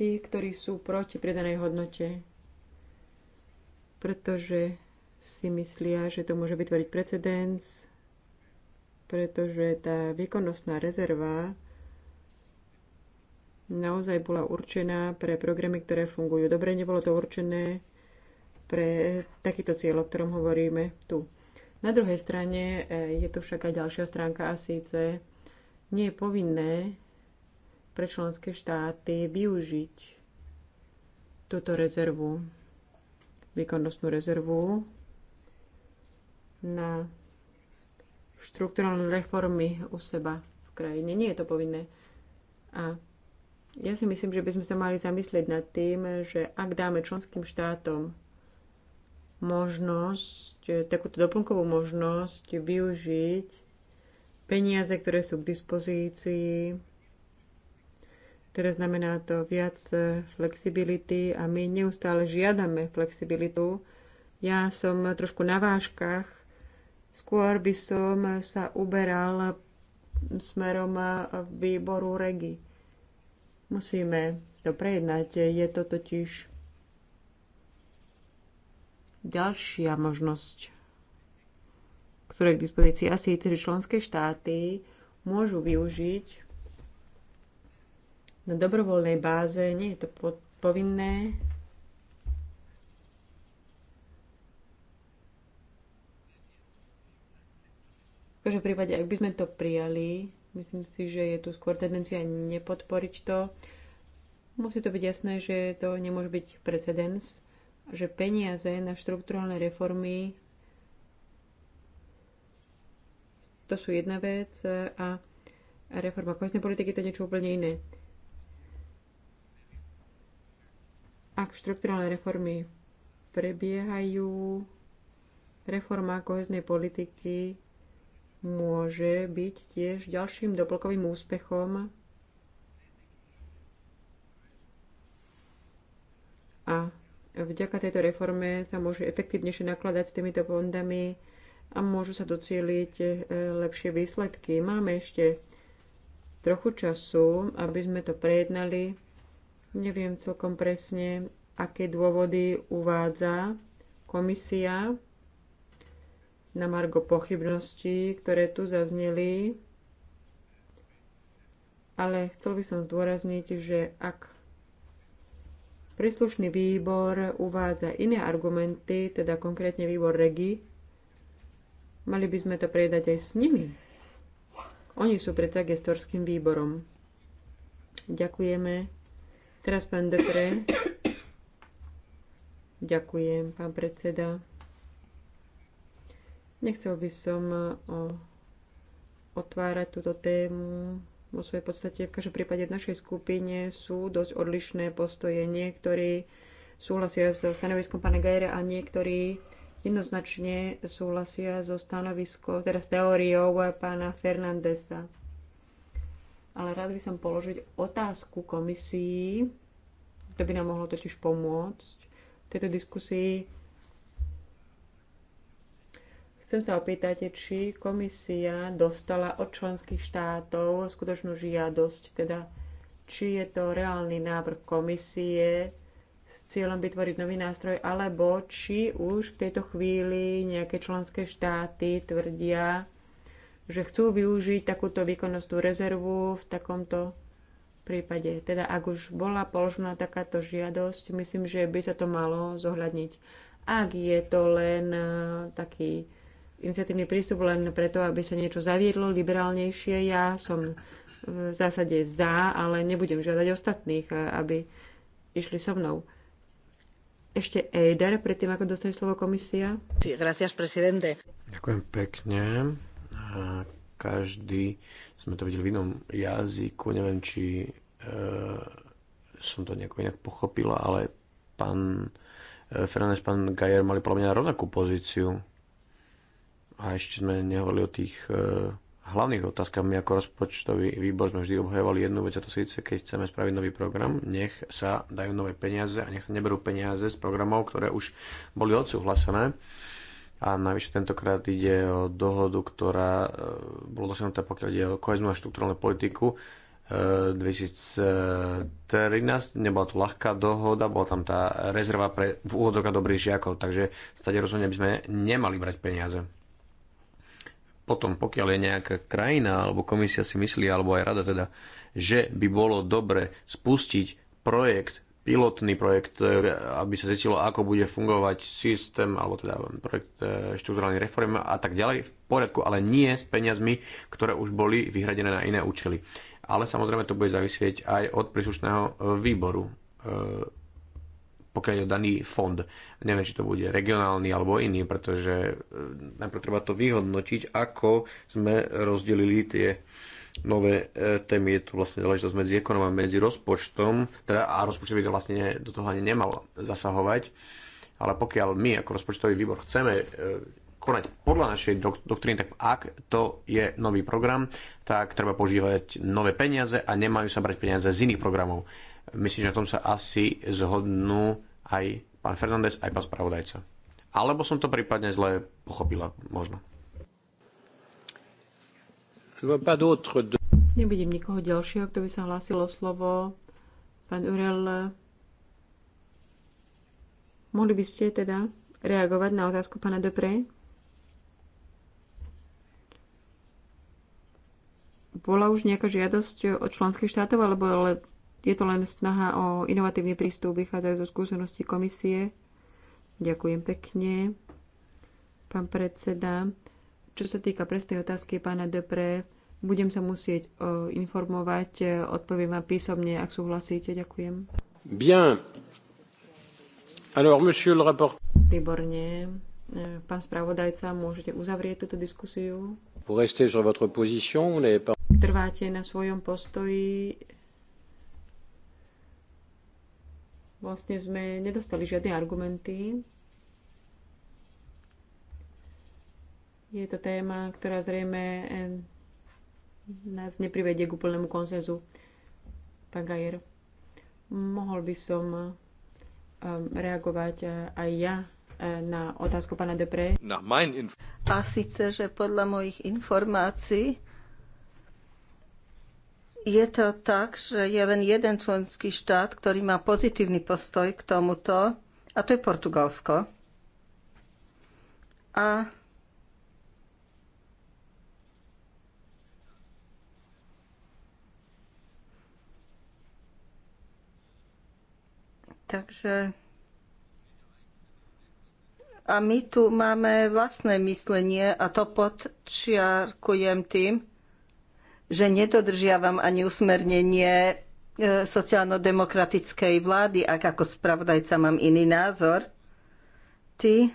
tých, ktorí sú proti pridanej hodnote, pretože si myslia, že to môže vytvoriť precedens, pretože tá výkonnostná rezerva naozaj bola určená pre programy, ktoré fungujú. Dobre, nebolo to určené pre takýto cieľ, o ktorom hovoríme tu. Na druhej strane eh, je tu však aj ďalšia stránka a síce nie je povinné pre členské štáty využiť túto rezervu, výkonnostnú rezervu na štruktúrálne reformy u seba v krajine. Nie je to povinné. A ja si myslím, že by sme sa mali zamyslieť nad tým, že ak dáme členským štátom možnosť, takúto doplnkovú možnosť využiť peniaze, ktoré sú k dispozícii. Teraz znamená to viac eh, flexibility a my neustále žiadame flexibilitu. Ja som trošku na vážkach. Skôr by som sa uberal smerom eh, výboru REGI. Musíme to prejednať. Je to totiž ďalšia možnosť ktoré k dispozícii asi tri členské štáty, môžu využiť na dobrovoľnej báze, nie je to povinné, V každom prípade, ak by sme to prijali, myslím si, že je tu skôr tendencia nepodporiť to. Musí to byť jasné, že to nemôže byť precedens, že peniaze na štruktúrálne reformy to sú jedna vec a reforma kohezné politiky to je niečo úplne iné. Ak štrukturálne reformy prebiehajú, reforma koheznej politiky môže byť tiež ďalším doplkovým úspechom a vďaka tejto reforme sa môže efektívnejšie nakladať s týmito fondami a môžu sa docieliť e, lepšie výsledky. Máme ešte trochu času, aby sme to prejednali. Neviem celkom presne, aké dôvody uvádza komisia na margo pochybností, ktoré tu zazneli. Ale chcel by som zdôrazniť, že ak príslušný výbor uvádza iné argumenty, teda konkrétne výbor REGI, Mali by sme to prejednať aj s nimi. Oni sú predsa gestorským výborom. Ďakujeme. Teraz pán Depre. Ďakujem, pán predseda. Nechcel by som eh, o, otvárať túto tému. Vo svojej podstate v každom prípade v našej skupine sú dosť odlišné postoje. Niektorí súhlasia so stanoviskom pána Gajera a niektorí jednoznačne súhlasia so stanoviskou, teda s teóriou pána Fernandesa. Ale rád by som položiť otázku komisii, to by nám mohlo totiž pomôcť v tejto diskusii. Chcem sa opýtať, či komisia dostala od členských štátov skutočnú žiadosť, teda či je to reálny návrh komisie, s cieľom vytvoriť nový nástroj, alebo či už v tejto chvíli nejaké členské štáty tvrdia, že chcú využiť takúto výkonnostnú rezervu v takomto prípade. Teda ak už bola položená takáto žiadosť, myslím, že by sa to malo zohľadniť. Ak je to len e, taký iniciatívny prístup len preto, aby sa niečo zaviedlo liberálnejšie, ja som v zásade za, ale nebudem žiadať ostatných, e, aby išli so mnou. Ešte Eider, predtým ako dostane slovo komisia. Sí, gracias, presidente. Ďakujem pekne. Každý, sme to videli v inom jazyku, neviem, či e, som to nejako inak pochopila, ale pán e, Fernández, pán Gajer mali podľa mňa rovnakú pozíciu. A ešte sme nehovorili o tých e, hlavných otázkach. My ako rozpočtový výbor sme vždy obhajovali jednu vec, a to síce, keď chceme spraviť nový program, nech sa dajú nové peniaze a nech sa neberú peniaze z programov, ktoré už boli odsúhlasené. A navyše tentokrát ide o dohodu, ktorá e, bola dosiahnutá, pokiaľ ide o kohezmu a štruktúrnu politiku, 2013, e, nebola to ľahká dohoda, bola tam tá rezerva pre v úvodzok a dobrých žiakov, takže stade rozhodne by sme nemali brať peniaze potom pokiaľ je nejaká krajina alebo komisia si myslí, alebo aj rada teda, že by bolo dobre spustiť projekt, pilotný projekt, e, aby sa zistilo, ako bude fungovať systém, alebo teda projekt e, štruktúrálnej reformy a tak ďalej, v poriadku, ale nie s peniazmi, ktoré už boli vyhradené na iné účely. Ale samozrejme to bude závisieť aj od príslušného e, výboru pokiaľ je daný fond. Neviem, či to bude regionálny alebo iný, pretože eh, najprv treba to vyhodnotiť, ako sme rozdelili tie nové eh, témy. Je to vlastne záležitosť medzi ekonomom a medzi rozpočtom, teda a rozpočet by to vlastne do toho ani nemal zasahovať. Ale pokiaľ my ako rozpočtový výbor chceme eh, konať podľa našej dok- doktríny, tak ak to je nový program, tak treba požívať nové peniaze a nemajú sa brať peniaze z iných programov. Myslím, že na tom sa asi zhodnú aj pán Fernández, aj pán spravodajca. Alebo som to prípadne zle pochopila, možno. Nevidím nikoho ďalšieho, kto by sa hlásil o slovo. Pán Urel, mohli by ste teda reagovať na otázku pána Depre? Bola už nejaká žiadosť od členských štátov, alebo ale je to len snaha o inovatívny prístup, vychádzajú zo skúseností komisie. Ďakujem pekne. Pán predseda, čo sa týka presnej otázky pána Depre, budem sa musieť o, informovať, e, odpoviem vám písomne, ak súhlasíte. Ďakujem. Bien. Alors, monsieur le rapport... Výborne. E, pán spravodajca, môžete uzavrieť túto diskusiu. Vous restez sur votre position, vous pas... Trváte na svojom postoji, vlastne sme nedostali žiadne argumenty. Je to téma, ktorá zrejme eh, nás neprivedie k úplnému konsenzu. Pán Gajer, mohol by som eh, reagovať eh, aj ja na otázku pána Depre? A síce, že podľa mojich informácií je to tak, že je len jeden členský štát, ktorý má pozitívny postoj k tomuto, a to je Portugalsko. A Takže a my tu máme vlastné myslenie a to podčiarkujem tým, že nedodržiavam ani usmernenie e, sociálno-demokratickej vlády, ak ako spravodajca mám iný názor. Ty,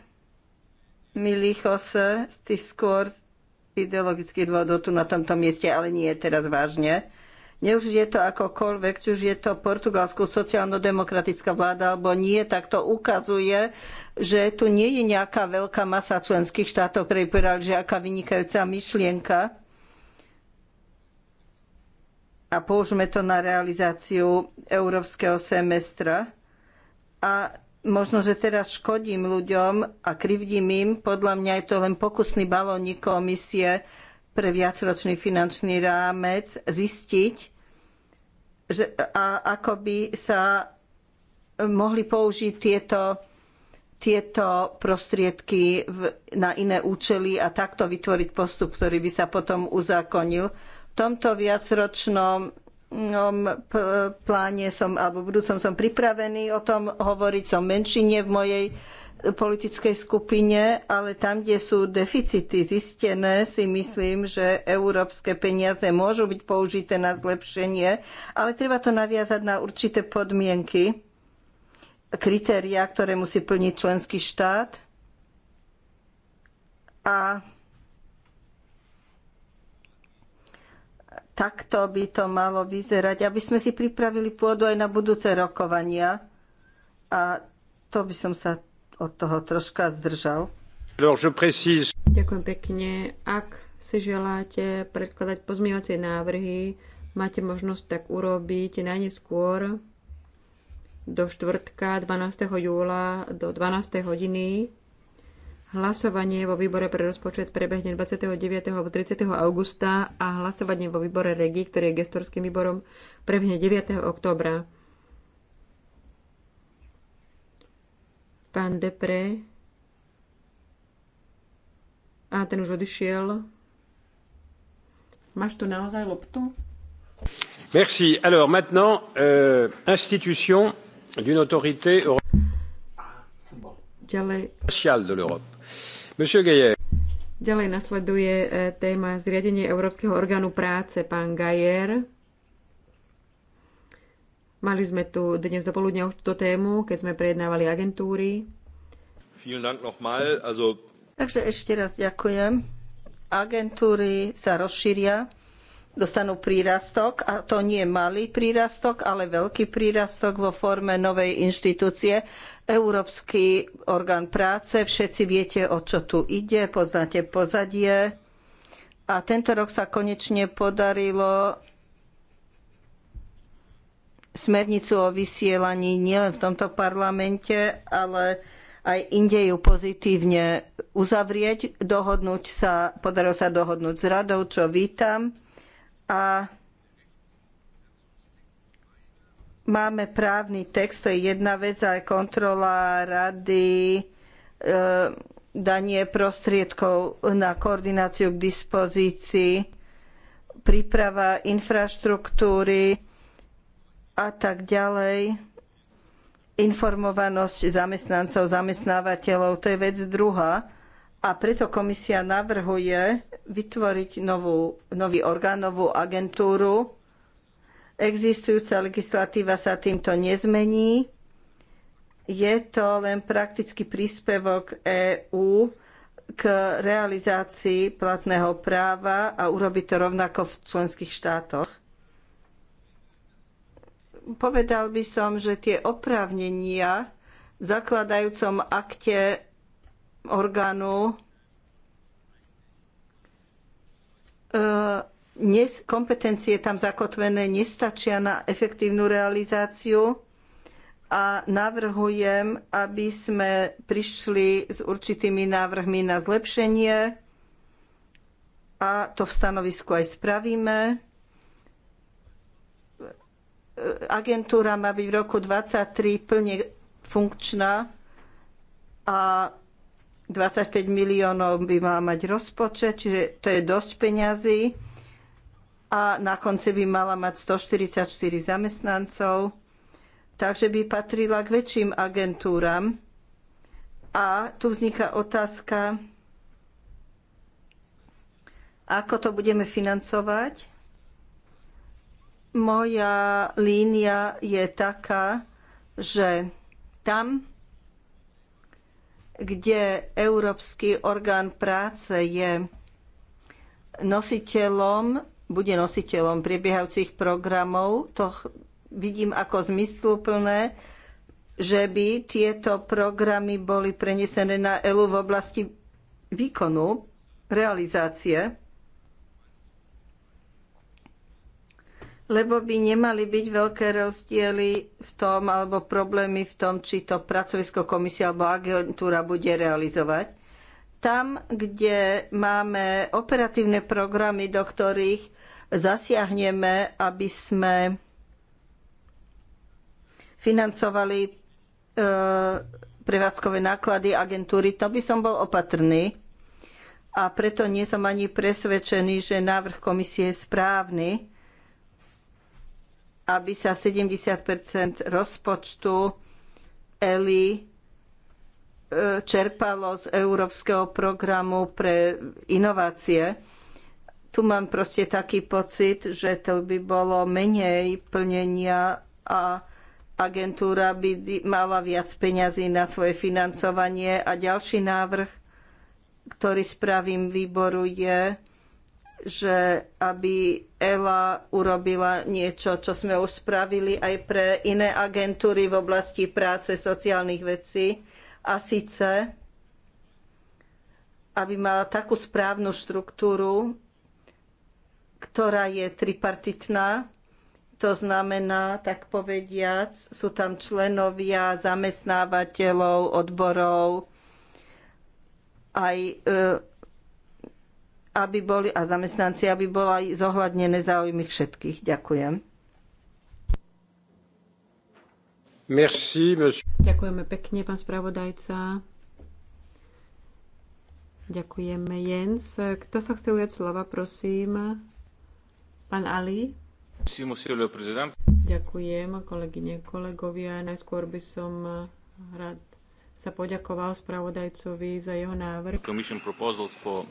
milý Jose, ty skôr ideologický dôvod tu na tomto mieste, ale nie je teraz vážne. Neuž je to akokoľvek, či už je to portugalskú sociálno-demokratická vláda alebo nie, tak to ukazuje, že tu nie je nejaká veľká masa členských štátov, ktorí povedali, že aká vynikajúca myšlienka a použme to na realizáciu európskeho semestra. A možno, že teraz škodím ľuďom a krivdím im, podľa mňa je to len pokusný balónik komisie pre viacročný finančný rámec zistiť, že, a ako by sa mohli použiť tieto, tieto prostriedky v, na iné účely a takto vytvoriť postup, ktorý by sa potom uzákonil tomto viacročnom mm, pláne som, alebo budúcom som pripravený o tom hovoriť, som menšine v mojej politickej skupine, ale tam, kde sú deficity zistené, si myslím, že európske peniaze môžu byť použité na zlepšenie, ale treba to naviazať na určité podmienky, kritériá, ktoré musí plniť členský štát. A takto by to malo vyzerať, aby sme si pripravili pôdu aj na budúce rokovania. A to by som sa od toho troška zdržal. Ďakujem pekne. Ak si želáte predkladať pozmývacie návrhy, máte možnosť tak urobiť najneskôr do štvrtka 12. júla do 12. hodiny Hlasovanie vo výbore pre rozpočet prebehne 29. alebo 30. augusta a hlasovanie vo výbore REGI, ktorý je gestorským výborom, prebehne 9. októbra. Pán Depre. A ten už odišiel. Máš tu naozaj loptu? Merci. Alors maintenant, euh, institution d'une autorité européenne sociale de l'Europe. Ďalej nasleduje e, téma zriadenie Európskeho orgánu práce, pán Gajer. Mali sme tu dnes do poludnia už túto tému, keď sme prejednávali agentúry. Takže ešte raz ďakujem. Agentúry sa rozšíria dostanú prírastok a to nie malý prírastok, ale veľký prírastok vo forme novej inštitúcie Európsky orgán práce. Všetci viete, o čo tu ide, poznáte pozadie. A tento rok sa konečne podarilo smernicu o vysielaní nielen v tomto parlamente, ale aj inde ju pozitívne uzavrieť, dohodnúť sa, podarilo sa dohodnúť s radou, čo vítam a máme právny text, to je jedna vec, aj kontrola rady, e, danie prostriedkov na koordináciu k dispozícii, príprava infraštruktúry a tak ďalej, informovanosť zamestnancov, zamestnávateľov, to je vec druhá a preto komisia navrhuje vytvoriť novú, nový orgán, novú agentúru. Existujúca legislatíva sa týmto nezmení. Je to len praktický príspevok EÚ k realizácii platného práva a urobiť to rovnako v členských štátoch. Povedal by som, že tie oprávnenia v zakladajúcom akte orgánu e, kompetencie tam zakotvené nestačia na efektívnu realizáciu a navrhujem, aby sme prišli s určitými návrhmi na zlepšenie a to v stanovisku aj spravíme. Agentúra má byť v roku 2023 plne funkčná a 25 miliónov by mal mať rozpočet, čiže to je dosť peňazí. A na konci by mala mať 144 zamestnancov, takže by patrila k väčším agentúram. A tu vzniká otázka, ako to budeme financovať. Moja línia je taká, že tam, kde Európsky orgán práce je nositeľom, bude nositeľom prebiehajúcich programov. To vidím ako zmysluplné, že by tieto programy boli prenesené na ELU v oblasti výkonu, realizácie. lebo by nemali byť veľké rozdiely v tom alebo problémy v tom, či to pracovisko komisia alebo agentúra bude realizovať. Tam, kde máme operatívne programy, do ktorých zasiahneme, aby sme financovali e, prevádzkové náklady agentúry, to by som bol opatrný. A preto nie som ani presvedčený, že návrh komisie je správny aby sa 70 rozpočtu ELI e, čerpalo z Európskeho programu pre inovácie. Tu mám proste taký pocit, že to by bolo menej plnenia a agentúra by mala viac peňazí na svoje financovanie. A ďalší návrh, ktorý spravím výboru, je že aby ELA urobila niečo, čo sme už spravili aj pre iné agentúry v oblasti práce, sociálnych vecí. A síce, aby mala takú správnu štruktúru, ktorá je tripartitná, to znamená, tak povediac, sú tam členovia zamestnávateľov, odborov, aj e, aby boli, a zamestnanci, aby bola aj zohľadnené záujmy všetkých. Ďakujem. Merci, Ďakujeme pekne, pán spravodajca. Ďakujeme, Jens. Kto sa chce ujať slova, prosím? Pán Ali? Si, monsieur le président. Ďakujem, kolegyne, kolegovia. Najskôr by som rád sa poďakoval spravodajcovi za jeho návrh. Commission proposals for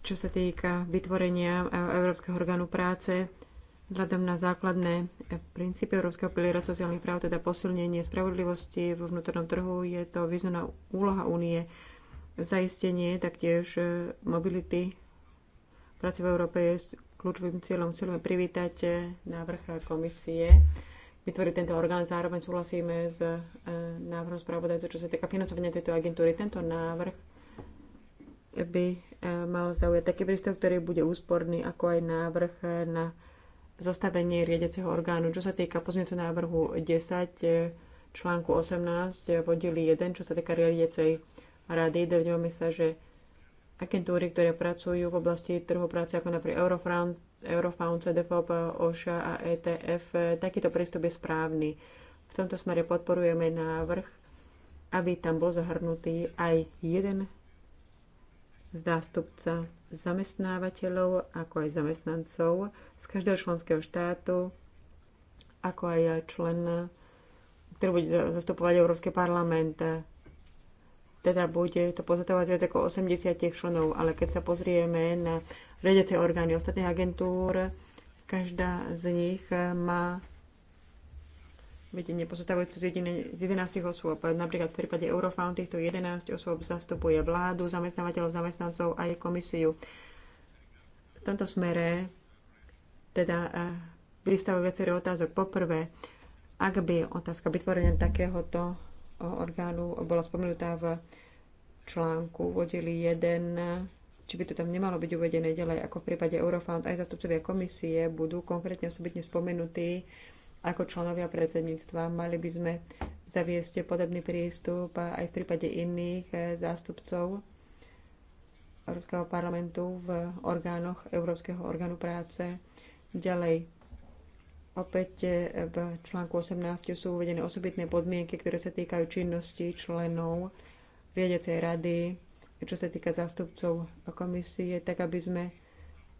čo sa týka vytvorenia e, Európskeho orgánu práce vzhľadom na základné e, princípy Európskeho piliera sociálnych práv, teda posilnenie spravodlivosti vo vnútornom trhu, je to významná úloha únie. Zaistenie taktiež e, mobility práce v Európe je kľúčovým cieľom. Chceme privítať návrh komisie vytvoriť tento orgán. Zároveň súhlasíme s návrhom spravodajcov, čo sa týka financovania tejto agentúry. Tento návrh by e, mal zaujať taký prístup, ktorý bude úsporný, ako aj návrh na zostavenie riadiaceho orgánu. Čo sa týka pozmeňujúceho návrhu 10, e, článku 18, vodili 1, čo sa týka riadiacej rady, dovedeme sa, že agentúry, ktoré pracujú v oblasti trhu práce, ako napríklad Eurofound, Eurofound, CDFOP, OSHA a ETF, e, takýto prístup je správny. V tomto smere podporujeme návrh, aby tam bol zahrnutý aj jeden zástupca zamestnávateľov, ako aj zamestnancov z každého členského štátu, ako aj člen, ktorý bude zastupovať Európske parlament. Teda bude to pozotovať viac ako 80 členov, ale keď sa pozrieme na riadiace orgány ostatných agentúr, každá z nich má vedenie pozostavujúce z, jedine, z 11 osôb. Napríklad v prípade Eurofound týchto 11 osôb zastupuje vládu, zamestnávateľov, zamestnancov aj komisiu. V tomto smere teda e, vystavujú viacero otázok. Poprvé, ak by otázka vytvorenia takéhoto orgánu bola spomenutá v článku v oddeli 1, či by to tam nemalo byť uvedené ďalej, ako v prípade Eurofound, aj zastupcovia komisie budú konkrétne osobitne spomenutí ako členovia predsedníctva mali by sme zaviesť podobný prístup aj v prípade iných eh, zástupcov Európskeho parlamentu v orgánoch Európskeho orgánu práce. Ďalej, opäť eh, v článku 18 sú uvedené osobitné podmienky, ktoré sa týkajú činnosti členov riadiacej rady, čo sa týka zástupcov komisie, tak aby sme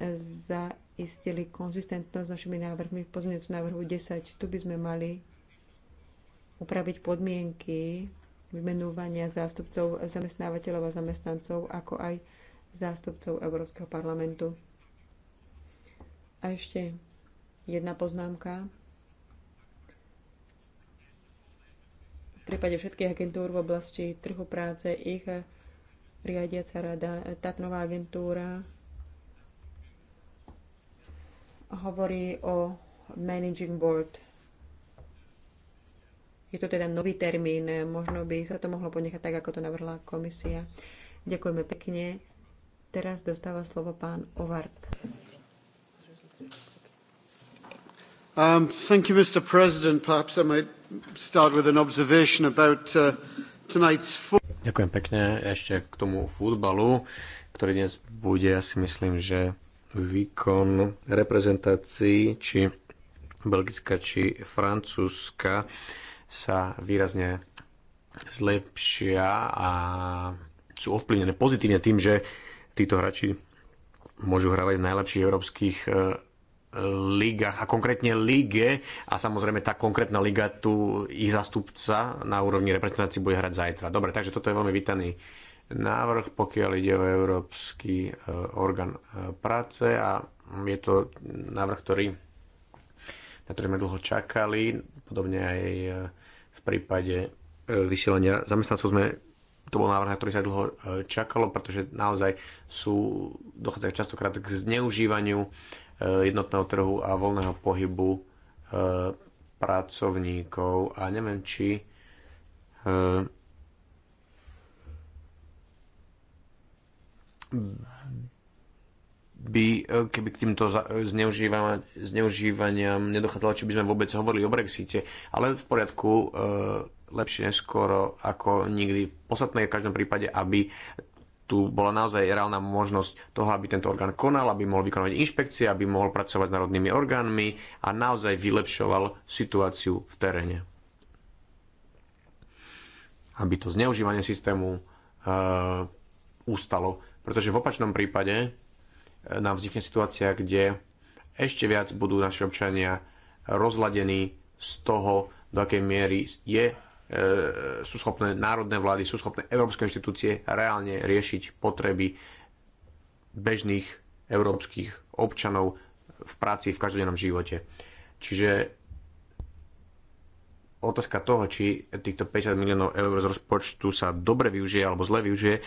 zaistili konzistentnosť s našimi návrhmi v pozmeňujúcom návrhu 10. Tu by sme mali upraviť podmienky vymenúvania zástupcov zamestnávateľov a zamestnancov, ako aj zástupcov Európskeho parlamentu. A ešte jedna poznámka. V prípade všetkých agentúr v oblasti trhu práce ich riadiaca rada, táto nová agentúra hovorí o managing board. Je to teda nový termín, možno by sa to mohlo ponechať tak, ako to navrhla komisia. Ďakujeme pekne. Teraz dostáva slovo pán Ovart. Um, thank you, Mr. President. Perhaps I might start with an observation about uh, tonight's football. Ďakujem pekne ešte k tomu futbalu, ktorý dnes bude, ja si myslím, že výkon reprezentácií či belgická či francúzska sa výrazne zlepšia a sú ovplyvnené pozitívne tým, že títo hráči môžu hrávať v najlepších európskych e, ligách a konkrétne lige a samozrejme tá konkrétna liga tu ich zastupca na úrovni reprezentácií bude hrať zajtra. Dobre, takže toto je veľmi vítaný návrh, pokiaľ ide o Európsky e, orgán e, práce a je to návrh, ktorý, na ktorý sme dlho čakali, podobne aj e, v prípade vysielania zamestnancov sme to bol návrh, na ktorý sa dlho čakalo, pretože naozaj sú, dochádzajú častokrát k zneužívaniu jednotného trhu a voľného pohybu pracovníkov a neviem, či by, e, keby k týmto e, zneužívaniam nedochádzalo, či by sme vôbec hovorili o Brexite. Ale v poriadku, e, lepšie neskoro ako nikdy. V je v každom prípade, aby tu bola naozaj reálna možnosť toho, aby tento orgán konal, aby mohol vykonávať inšpekcie, aby mohol pracovať s národnými orgánmi a naozaj vylepšoval situáciu v teréne. Aby to zneužívanie systému uh, ustalo pretože v opačnom prípade e, nám vznikne situácia, kde ešte viac budú naši občania rozladení z toho, do akej miery je, e, sú schopné národné vlády, sú schopné európske inštitúcie reálne riešiť potreby bežných európskych občanov v práci, v každodennom živote. Čiže otázka toho, či týchto 50 miliónov eur z rozpočtu sa dobre využije alebo zle využije, e,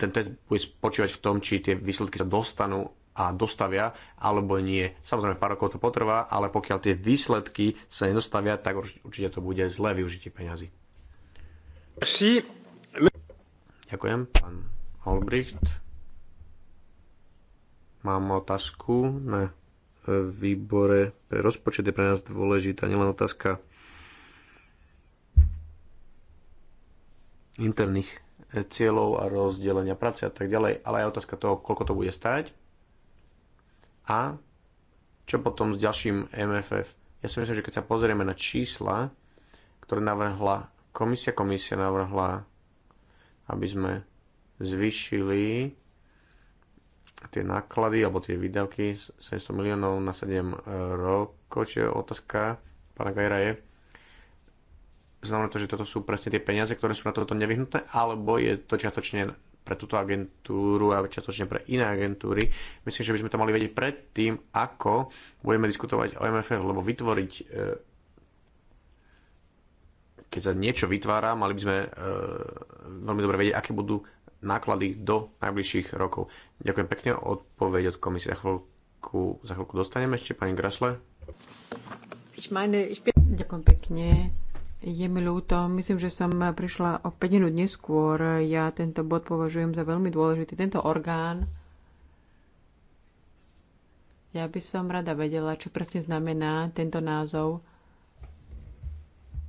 ten test bude spočívať v tom, či tie výsledky sa dostanú a dostavia, alebo nie. Samozrejme, pár rokov to potrvá, ale pokiaľ tie výsledky sa nedostavia, tak určite to bude zlé využitie peňazí. Si... Ďakujem, pán Holbricht. Mám otázku na e, výbore pre rozpočet. Je pre nás dôležitá nielen otázka interných e, cieľov a rozdelenia práce a tak ďalej, ale aj otázka toho, koľko to bude stať a čo potom s ďalším MFF. Ja si myslím, že keď sa pozrieme na čísla, ktoré navrhla komisia, komisia navrhla, aby sme zvyšili tie náklady alebo tie výdavky 700 miliónov na 7 rokov, čiže otázka pána Gajra je, znamená to, že toto sú presne tie peniaze, ktoré sú na toto nevyhnutné, alebo je to čiatočne pre túto agentúru a čiatočne pre iné agentúry. Myslím, že by sme to mali vedieť pred tým, ako budeme diskutovať o MFF, lebo vytvoriť e, keď sa niečo vytvára, mali by sme e, veľmi dobre vedieť, aké budú náklady do najbližších rokov. Ďakujem pekne, odpoveď od komisie za chvíľku, za chvíľku dostaneme ešte, pani Grasle. Ich meine, ich bin... Ďakujem pekne. Je mi ľúto, myslím, že som prišla o 5 minút neskôr. Ja tento bod považujem za veľmi dôležitý. Tento orgán, ja by som rada vedela, čo presne znamená tento názov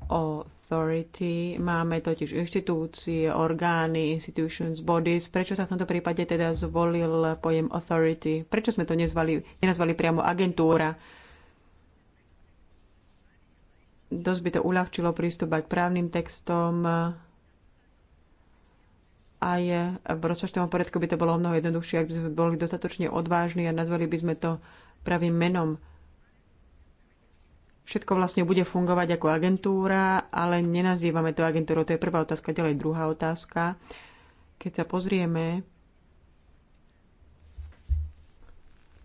authority. Máme totiž inštitúcie, orgány, institutions, bodies. Prečo sa v tomto prípade teda zvolil pojem authority? Prečo sme to nezvali, nenazvali priamo agentúra? Dosť by to uľahčilo prístup aj k právnym textom. Aj v rozpočtovom poriadku by to bolo mnoho jednoduchšie, ak by sme boli dostatočne odvážni a nazvali by sme to pravým menom. Všetko vlastne bude fungovať ako agentúra, ale nenazývame to agentúrou. To je prvá otázka, ďalej druhá otázka. Keď sa pozrieme,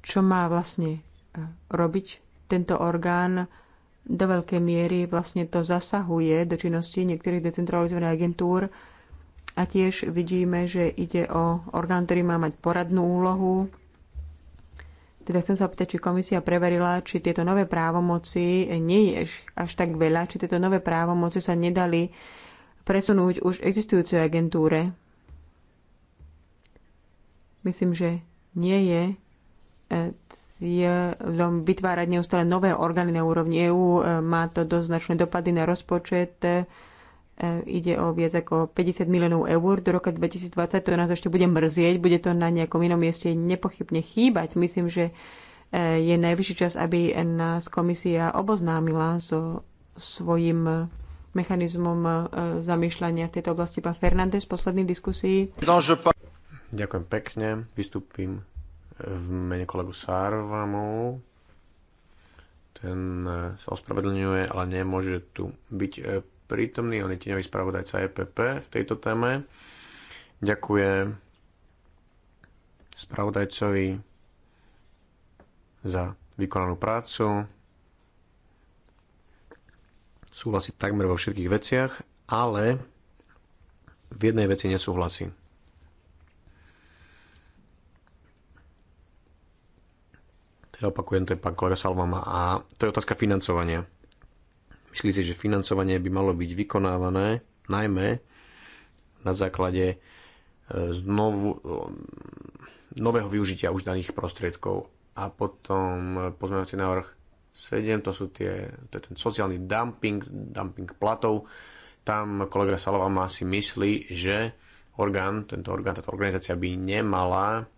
čo má vlastne robiť tento orgán, do veľkej miery vlastne to zasahuje do činnosti niektorých decentralizovaných agentúr a tiež vidíme, že ide o orgán, ktorý má mať poradnú úlohu. Teda chcem sa opýtať, či komisia preverila, či tieto nové právomoci, nie je až tak veľa, či tieto nové právomoci sa nedali presunúť už existujúcej agentúre. Myslím, že nie je eh, je vytvárať neustále nové orgány na úrovni EÚ. E, má to dosť značné dopady na rozpočet. E, ide o viac ako 50 miliónov eur do roka 2020. To nás ešte bude mrzieť. Bude to na nejakom inom mieste nepochybne chýbať. Myslím, že e, je najvyšší čas, aby nás komisia oboznámila so svojim mechanizmom zamýšľania v tejto oblasti. Pán Fernández, posledný diskusii. No, Ďakujem pekne. Vystúpim v mene kolegu Sarvamu. Ten e, sa ospravedlňuje, ale nemôže tu byť e, prítomný. On je tieňový spravodajca EPP v tejto téme. Ďakujem spravodajcovi za vykonanú prácu. Súhlasí takmer vo všetkých veciach, ale v jednej veci nesúhlasí teda opakujem, to je pán kolega Salvama. A to je otázka financovania. Myslíte, že financovanie by malo byť vykonávané najmä na základe e, znovu, nového využitia už daných prostriedkov. A potom e, pozmeňovací návrh 7, to sú tie, to je ten sociálny dumping, dumping platov. Tam kolega Salovama si myslí, že orgán, tento orgán, táto organizácia by nemala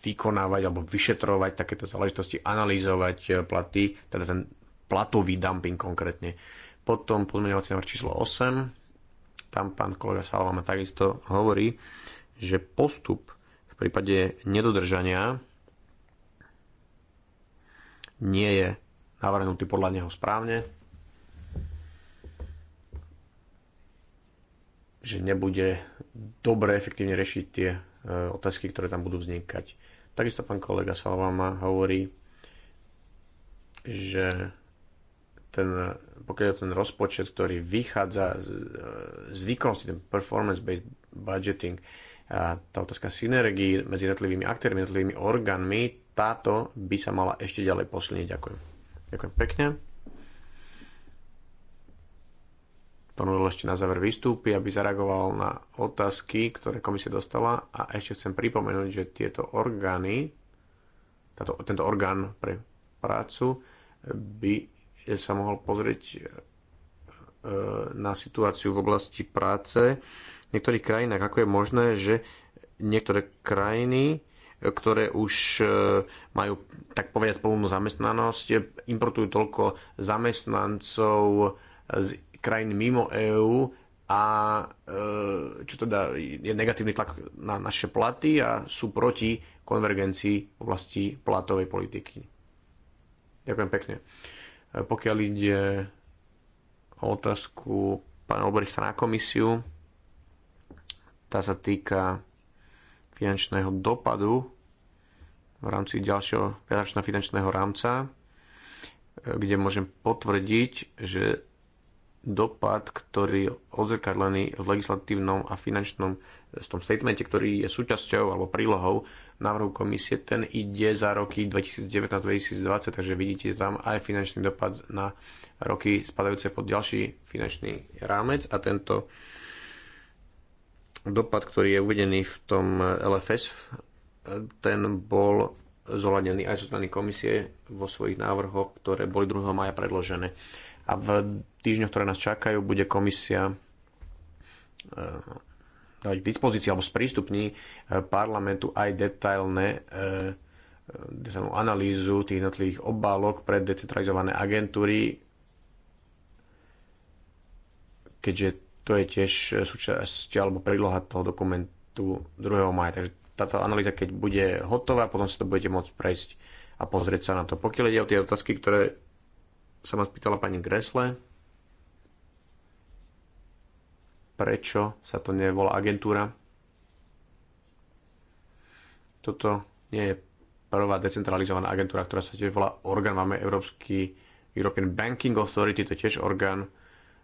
vykonávať alebo vyšetrovať takéto záležitosti, analyzovať e, platy, teda ten platový dumping konkrétne. Potom pozmeňovací návrh číslo 8, tam pán kolega Salvama takisto hovorí, že postup v prípade nedodržania nie je navrhnutý podľa neho správne, že nebude dobre efektívne riešiť tie E, otázky, ktoré tam budú vznikať. Takisto pán kolega Salvama hovorí, že ten, pokiaľ ten rozpočet, ktorý vychádza z, e, z výkonnosti, ten performance-based budgeting, a tá otázka synergii medzi jednotlivými aktérmi, jednotlivými orgánmi, táto by sa mala ešte ďalej posilniť. Ďakujem. Ďakujem pekne. Pán ešte na záver vystúpi, aby zareagoval na otázky, ktoré komisia dostala a ešte chcem pripomenúť, že tieto orgány, táto, tento orgán pre prácu by sa mohol pozrieť e, na situáciu v oblasti práce v niektorých krajinách, ako je možné, že niektoré krajiny, ktoré už e, majú, tak povedať, plnú zamestnanosť, importujú toľko zamestnancov z krajín mimo EÚ a e, čo teda je negatívny tlak na naše platy a sú proti konvergencii v oblasti platovej politiky. Ďakujem pekne. E, pokiaľ ide o otázku pána Olbrichta na komisiu, tá sa týka finančného dopadu v rámci ďalšieho finančného rámca, e, kde môžem potvrdiť, že dopad, ktorý odzrkadlený v legislatívnom a finančnom v tom statemente, ktorý je súčasťou alebo prílohou návrhu komisie, ten ide za roky 2019-2020, takže vidíte tam aj finančný dopad na roky spadajúce pod ďalší finančný rámec a tento dopad, ktorý je uvedený v tom LFS, ten bol zohľadnený aj zo strany komisie vo svojich návrhoch, ktoré boli 2. maja predložené a v týždňoch, ktoré nás čakajú, bude komisia e, dať k dispozícii alebo sprístupní e, parlamentu aj detailné e, detailnú analýzu tých jednotlivých obálok pre decentralizované agentúry, keďže to je tiež súčasť alebo príloha toho dokumentu 2. maja. Takže táto analýza, keď bude hotová, potom sa to budete môcť prejsť a pozrieť sa na to. Pokiaľ ide o tie otázky, ktoré sa ma spýtala pani Gresle, prečo sa to nevolá agentúra. Toto nie je prvá decentralizovaná agentúra, ktorá sa tiež volá orgán. Máme Európsky European Banking Authority, to je tiež orgán.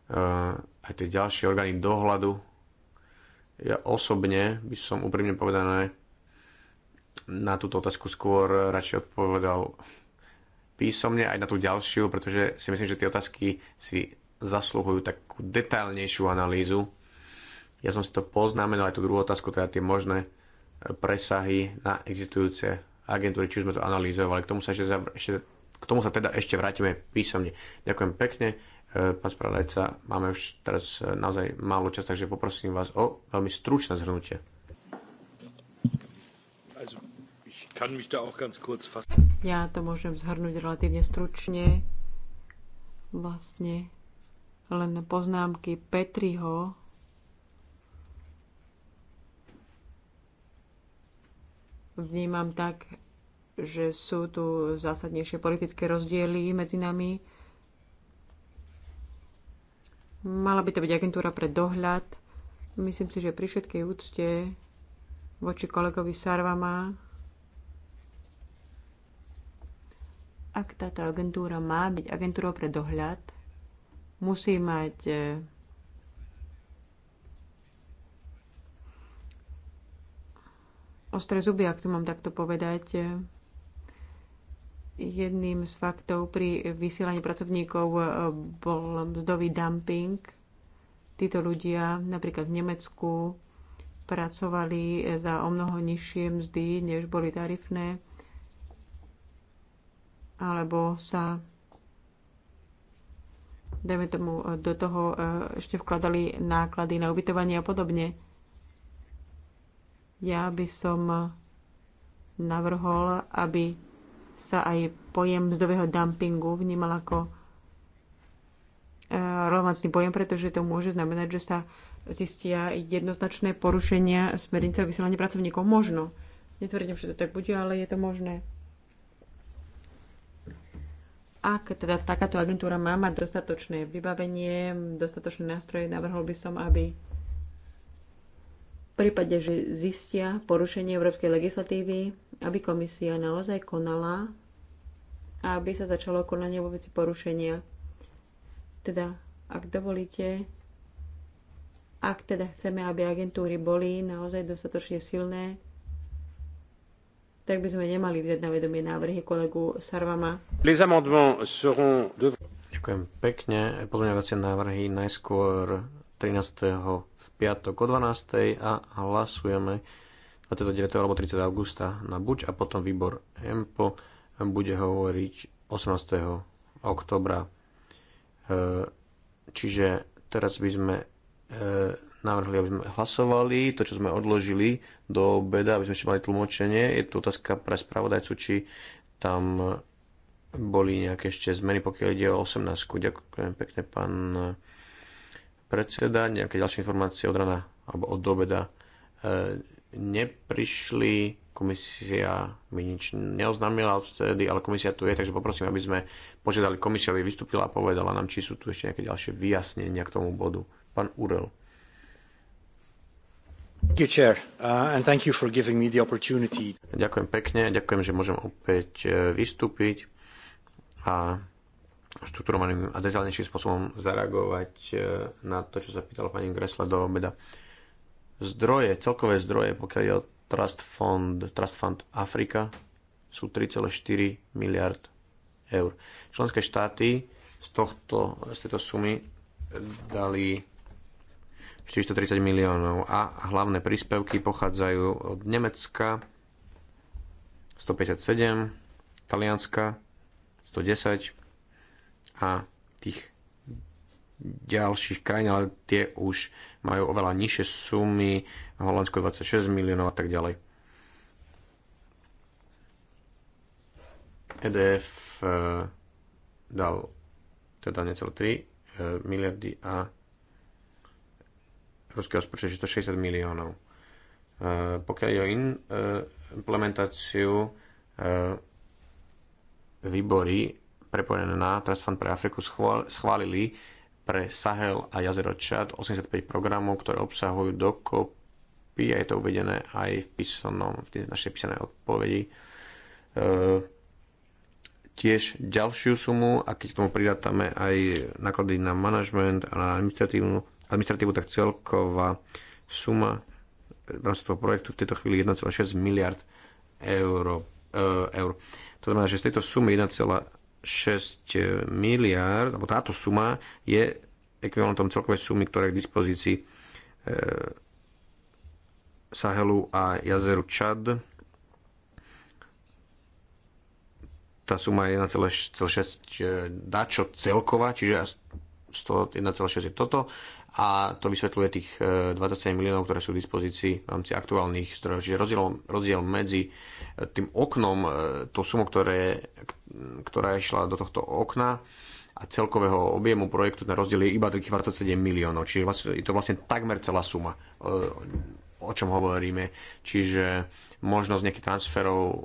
Uh, aj tie ďalšie orgány dohľadu. Ja osobne by som úprimne povedané na túto otázku skôr radšej odpovedal písomne aj na tú ďalšiu, pretože si myslím, že tie otázky si zasluhujú takú detailnejšiu analýzu. Ja som si to poznamenal aj tú druhú otázku, teda tie možné presahy na existujúce agentúry, či už sme to analýzovali. K tomu sa, ešte, ešte, k tomu sa teda ešte vrátime písomne. Ďakujem pekne, e, pán spravodajca. Máme už teraz e, naozaj málo času, takže poprosím vás o veľmi stručné zhrnutie. Also, ich kann mich da auch ganz kurz fassen. Ja to môžem zhrnúť relatívne stručne. Vlastne len poznámky Petriho. Vnímam tak, že sú tu zásadnejšie politické rozdiely medzi nami. Mala by to byť agentúra pre dohľad. Myslím si, že pri všetkej úcte voči kolegovi Sarvama Ak táto agentúra má byť agentúrou pre dohľad, musí mať e, ostré zuby, ak to mám takto povedať. E, jedným z faktov pri vysielaní pracovníkov e, bol mzdový dumping. Títo ľudia napríklad v Nemecku pracovali za o mnoho nižšie mzdy, než boli tarifné alebo sa dajme tomu, do toho e, ešte vkladali náklady na ubytovanie a podobne. Ja by som navrhol, aby sa aj pojem mzdového dumpingu vnímal ako e, relevantný pojem, pretože to môže znamenať, že sa zistia jednoznačné porušenia smernice o vysielaní pracovníkov. Možno. Netvrdím, že to tak bude, ale je to možné. Ak teda takáto agentúra má mať dostatočné vybavenie, dostatočné nástroje, navrhol by som, aby v prípade, že zistia porušenie európskej legislatívy, aby komisia naozaj konala a aby sa začalo konanie vo veci porušenia. Teda, ak dovolíte, ak teda chceme, aby agentúry boli naozaj dostatočne silné, tak by sme nemali vziať na vedomie návrhy kolegu Sarvama. Ďakujem pekne. Pozmeňovacie návrhy najskôr 13. v piatok o 12. a hlasujeme 29. alebo 30. augusta na Buč a potom výbor EMPO bude hovoriť 18. oktobra. E, čiže teraz by sme e, navrhli, aby sme hlasovali, to, čo sme odložili do obeda, aby sme ešte mali tlmočenie. Je tu otázka pre spravodajcu, či tam boli nejaké ešte zmeny, pokiaľ ide o 18. Ďakujem pekne, pán predseda. Nejaké ďalšie informácie od rana alebo od obeda e, neprišli, komisia mi nič neoznámila odtedy, ale komisia tu je, takže poprosím, aby sme požiadali komisiu, aby vystúpila a povedala nám, či sú tu ešte nejaké ďalšie vyjasnenia k tomu bodu. Pán Urel. Uh, ďakujem pekne, ďakujem, že môžem opäť uh, vystúpiť a štruktúrovaným a detaľnejším spôsobom zareagovať uh, na to, čo sa pýtala pani Gresla do obeda. Zdroje, celkové zdroje, pokiaľ je o Trust Fund, Trust Fund Afrika, sú 3,4 miliard eur. Členské štáty z, tohto, z tejto sumy dali 430 miliónov a hlavné príspevky pochádzajú od Nemecka 157, Talianska 110 a tých ďalších krajín, ale tie už majú oveľa nižšie sumy, Holandsko 26 miliónov a tak ďalej. EDF e, dal teda necelé 3 e, miliardy a európskeho rozpočtu 60 miliónov. E, pokiaľ je o e, implementáciu e, výbory prepojené na Trust Fund pre Afriku schválili pre Sahel a jazero Čad 85 programov, ktoré obsahujú dokopy a je to uvedené aj v, písanom, v našej písanej odpovedi tiež ďalšiu sumu a keď k tomu pridátame aj náklady na manažment a na administratívnu administratívu, tak celková suma v rámci toho projektu v tejto chvíli 1,6 miliard eur, e, eur. To znamená, že z tejto sumy 1,6 miliard, alebo táto suma je ekvivalentom celkovej sumy, ktorá je k dispozícii e, Sahelu a jazeru Čad. Tá suma je 1,6 e, dačo celková, čiže 1,6 je toto a to vysvetľuje tých 27 e, miliónov, ktoré sú v dispozícii v rámci aktuálnych zdrojov. Čiže rozdiel, rozdiel medzi e, tým oknom, e, to sumo, ktoré, ktorá išla do tohto okna a celkového objemu projektu, ten rozdiel je iba takých 27 miliónov. Čiže vlastne, je to vlastne takmer celá suma, o čom hovoríme. Čiže možnosť nejakých transferov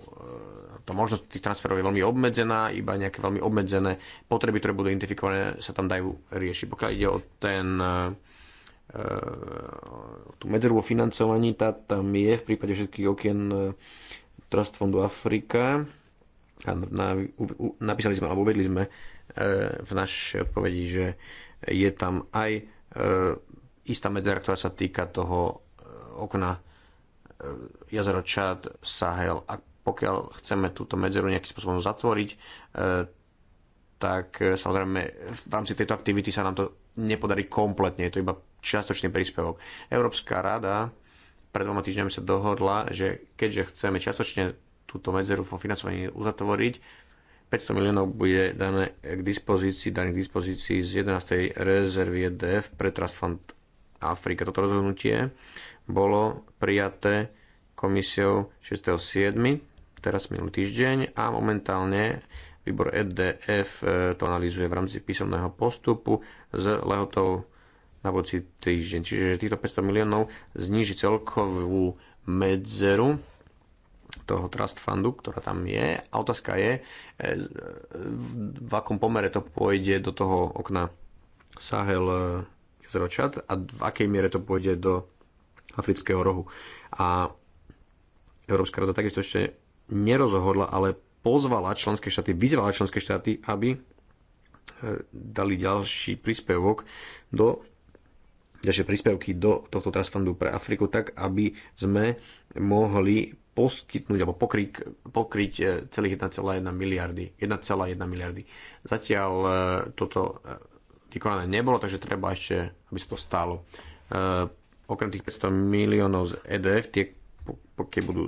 tá možnosť tých transferov je veľmi obmedzená, iba nejaké veľmi obmedzené potreby, ktoré budú identifikované, sa tam dajú riešiť. Pokiaľ ide o ten e, e, tú medzeru o financovaní, tá tam je v prípade všetkých okien e, Trust Fondu Afrika. A na, napísali sme, alebo uvedli sme v našej odpovedi, že je tam aj istá medzera, ktorá sa týka toho okna jazero Čad, Sahel a pokiaľ chceme túto medzeru nejakým spôsobom zatvoriť, e, tak e, samozrejme v rámci tejto aktivity sa nám to nepodarí kompletne, je to iba čiastočný príspevok. Európska rada pred dvoma týždňami sa dohodla, že keďže chceme čiastočne túto medzeru vo financovaní uzatvoriť, 500 miliónov bude dané k dispozícii, dané k dispozícii z 11. rezervy EDF pre Trust Fund Afrika. Toto rozhodnutie bolo prijaté komisiou 6.7 teraz minulý týždeň a momentálne výbor EDF e, to analizuje v rámci písomného postupu s lehotou na budúci týždeň. Čiže týchto 500 miliónov zníži celkovú medzeru toho trust fundu, ktorá tam je. A otázka je, e, v akom pomere to pôjde do toho okna Sahel e, zročat a v akej miere to pôjde do afrického rohu. A Európska rada takisto ešte nerozhodla, ale pozvala členské štáty, vyzvala členské štáty, aby e, dali ďalší príspevok do ďalšie príspevky do tohto Trust Fundu pre Afriku, tak aby sme mohli poskytnúť alebo pokryť, pokryť e, celých 1,1 miliardy. 1,1 miliardy. Zatiaľ e, toto vykonané nebolo, takže treba ešte, aby sa to stalo. Okrem tých 500 miliónov z EDF, tie pokiaľ budú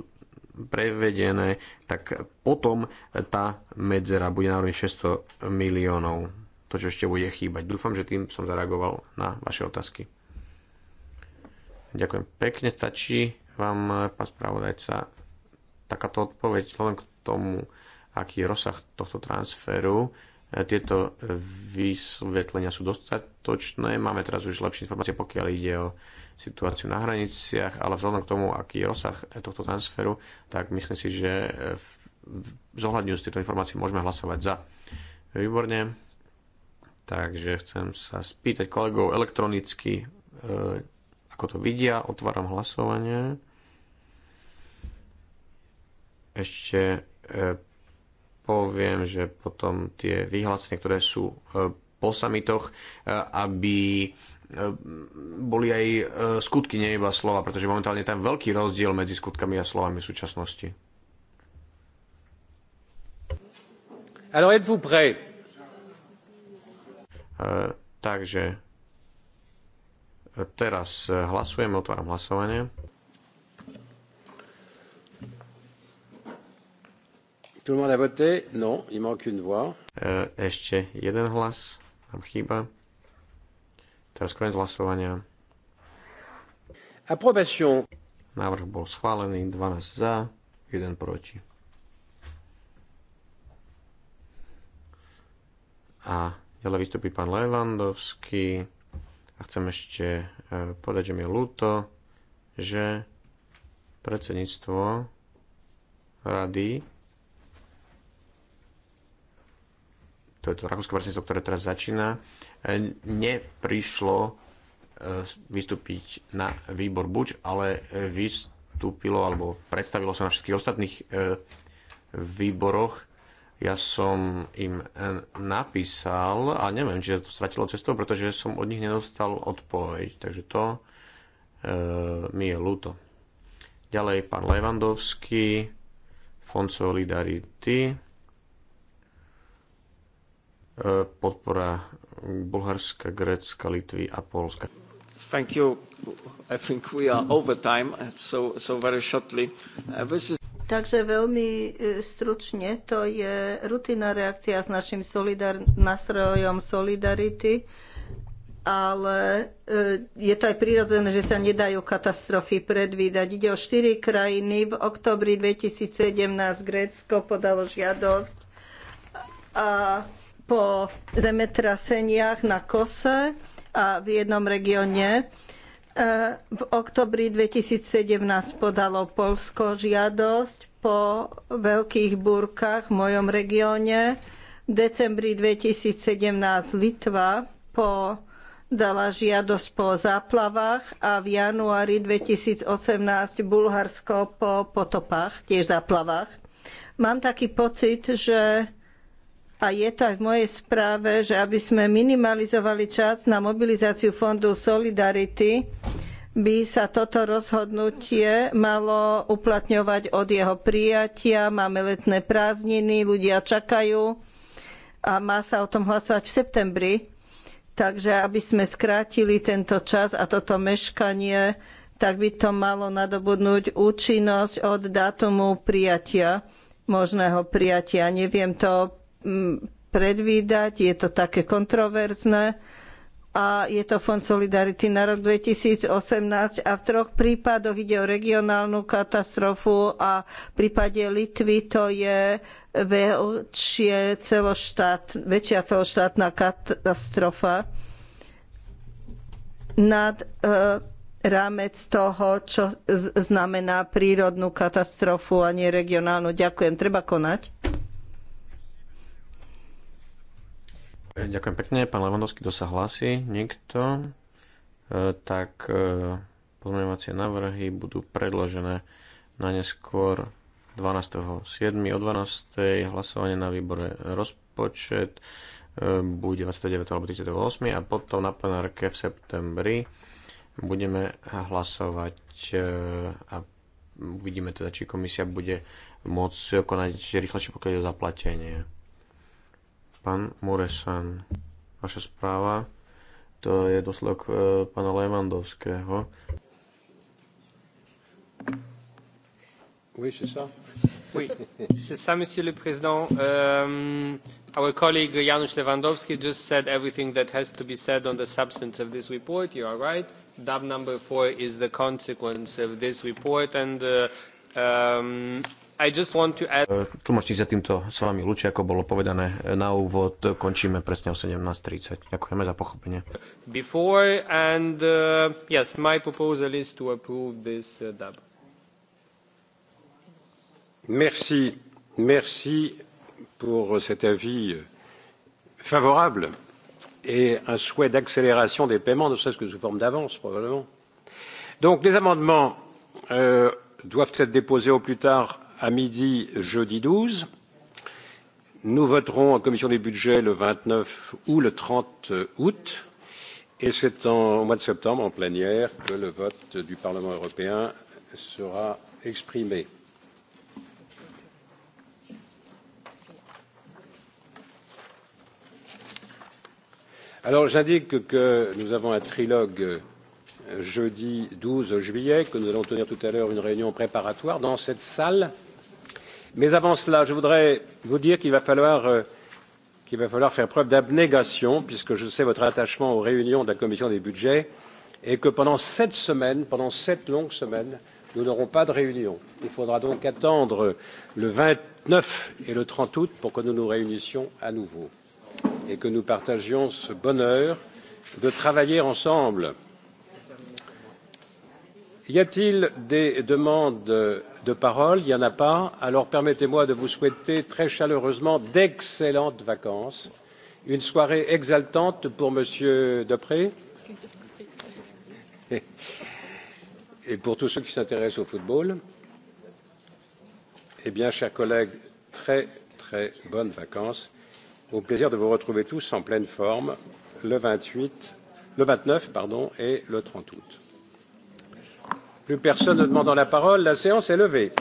prevedené, tak potom tá medzera bude na úrovni 600 miliónov. To, čo ešte bude chýbať. Dúfam, že tým som zareagoval na vaše otázky. Ďakujem pekne. Stačí vám, pán spravodajca, takáto odpoveď len k tomu, aký je rozsah tohto transferu tieto vysvetlenia sú dostatočné. Máme teraz už lepšie informácie, pokiaľ ide o situáciu na hraniciach, ale vzhľadom k tomu, aký je rozsah eh, tohto transferu, tak myslím si, že eh, zohľadňujúc tieto informácie môžeme hlasovať za. Výborne. Takže chcem sa spýtať kolegov elektronicky, eh, ako to vidia. Otváram hlasovanie. Ešte poviem, že potom tie vyhlásenia, ktoré sú e, po samitoch, e, aby e, boli aj skutky, nie iba slova, pretože momentálne je tam veľký rozdiel medzi skutkami a slovami v súčasnosti. Alors êtes-vous prêt? takže teraz hlasujeme, otváram hlasovanie. Tout le monde a voté? Non, il manque une voix. E, ešte jeden hlas nám chýba. Teraz koniec hlasovania. Approbation. Návrh bol schválený, 12 za, 1 proti. A ďalej vystúpi pán Levandovský. A chcem ešte e, povedať, že mi je ľúto, že predsedníctvo rady to je to rakúske predsedníctvo, ktoré teraz začína, e, neprišlo e, vystúpiť na výbor buč, ale vystúpilo alebo predstavilo sa na všetkých ostatných e, výboroch. Ja som im napísal a neviem, či sa to stratilo cestou, pretože som od nich nedostal odpoveď. Takže to e, mi je ľúto. Ďalej pán Levandovský, Fond Solidarity podpora Bulharska, Grécka, Litvy a Polska. Thank you. I think we are over time, so, so very shortly. Uh, this is... Takže veľmi e, stručne, to je rutinná reakcia s našim solidar- nástrojom Solidarity, ale e, je to aj prirodzené, že sa nedajú katastrofy predvídať. Ide o štyri krajiny. V oktobri 2017 Grécko podalo žiadosť a po zemetraseniach na Kose a v jednom regióne. E, v oktobri 2017 podalo Polsko žiadosť po veľkých búrkach v mojom regióne. V decembri 2017 Litva po dala žiadosť po záplavách a v januári 2018 Bulharsko po potopách, tiež záplavách. Mám taký pocit, že a je to aj v mojej správe, že aby sme minimalizovali čas na mobilizáciu fondu Solidarity, by sa toto rozhodnutie malo uplatňovať od jeho prijatia. Máme letné prázdniny, ľudia čakajú a má sa o tom hlasovať v septembri. Takže aby sme skrátili tento čas a toto meškanie, tak by to malo nadobudnúť účinnosť od dátumu prijatia, možného prijatia. Neviem to predvídať, je to také kontroverzné a je to Fond Solidarity na rok 2018 a v troch prípadoch ide o regionálnu katastrofu a v prípade Litvy to je celoštát, väčšia celoštátna katastrofa nad e, rámec toho, čo znamená prírodnú katastrofu a nie regionálnu. Ďakujem, treba konať. Ďakujem pekne. Pán Levandovský, kto sa hlási? Nikto. E, tak e, pozmeňovacie návrhy budú predložené na neskôr 12.7. o 12.00 hlasovanie na výbore rozpočet e, bude 29. alebo 38. a potom na plenárke v septembri budeme hlasovať e, a uvidíme teda, či komisia bude môcť konať rýchlejšie pokiaľ o zaplatenie. Pán Murešan, vaša správa, to je doslok dosledok e, pána Levandovského. Oui, c'est ça. Oui, c'est ça, Monsieur le Président. Um, our colleague Janusz Lewandowski just said everything that has to be said on the substance of this report. You are right. DAB number four is the consequence of this report, and uh, um, i just want to add... E, sa týmto s vami ľučia, ako bolo povedané e, na úvod. Končíme presne o 17.30. Ďakujeme za pochopenie. Before and uh, yes, my proposal is to approve this uh, DAB. Merci. Merci pour cet avis euh, favorable et un souhait d'accélération des paiements, ne serait-ce que sous forme d'avance probablement. Donc les amendements euh, doivent être déposés au plus tard à midi jeudi douze. Nous voterons en commission des budgets le vingt-neuf ou le trente août. Et c'est au mois de septembre, en plénière, que le vote du Parlement européen sera exprimé. Alors j'indique que nous avons un trilogue jeudi douze juillet, que nous allons tenir tout à l'heure une réunion préparatoire dans cette salle Mais avant cela, je voudrais vous dire qu'il va falloir euh, qu'il va falloir faire preuve d'abnégation, puisque je sais votre attachement aux réunions de la commission des budgets, et que pendant sept semaines, pendant sept longues semaines, nous n'aurons pas de réunion. Il faudra donc attendre le vingt neuf et le trente août pour que nous nous réunissions à nouveau et que nous partagions ce bonheur de travailler ensemble. Y a-t-il des demandes de parole. Il n'y en a pas. Alors permettez-moi de vous souhaiter très chaleureusement d'excellentes vacances. Une soirée exaltante pour Monsieur Deprez et pour tous ceux qui s'intéressent au football. Eh bien, chers collègues, très très bonnes vacances. Au plaisir de vous retrouver tous en pleine forme le vingt le pardon, et le trente août plus personne ne demandant la parole la séance est levée.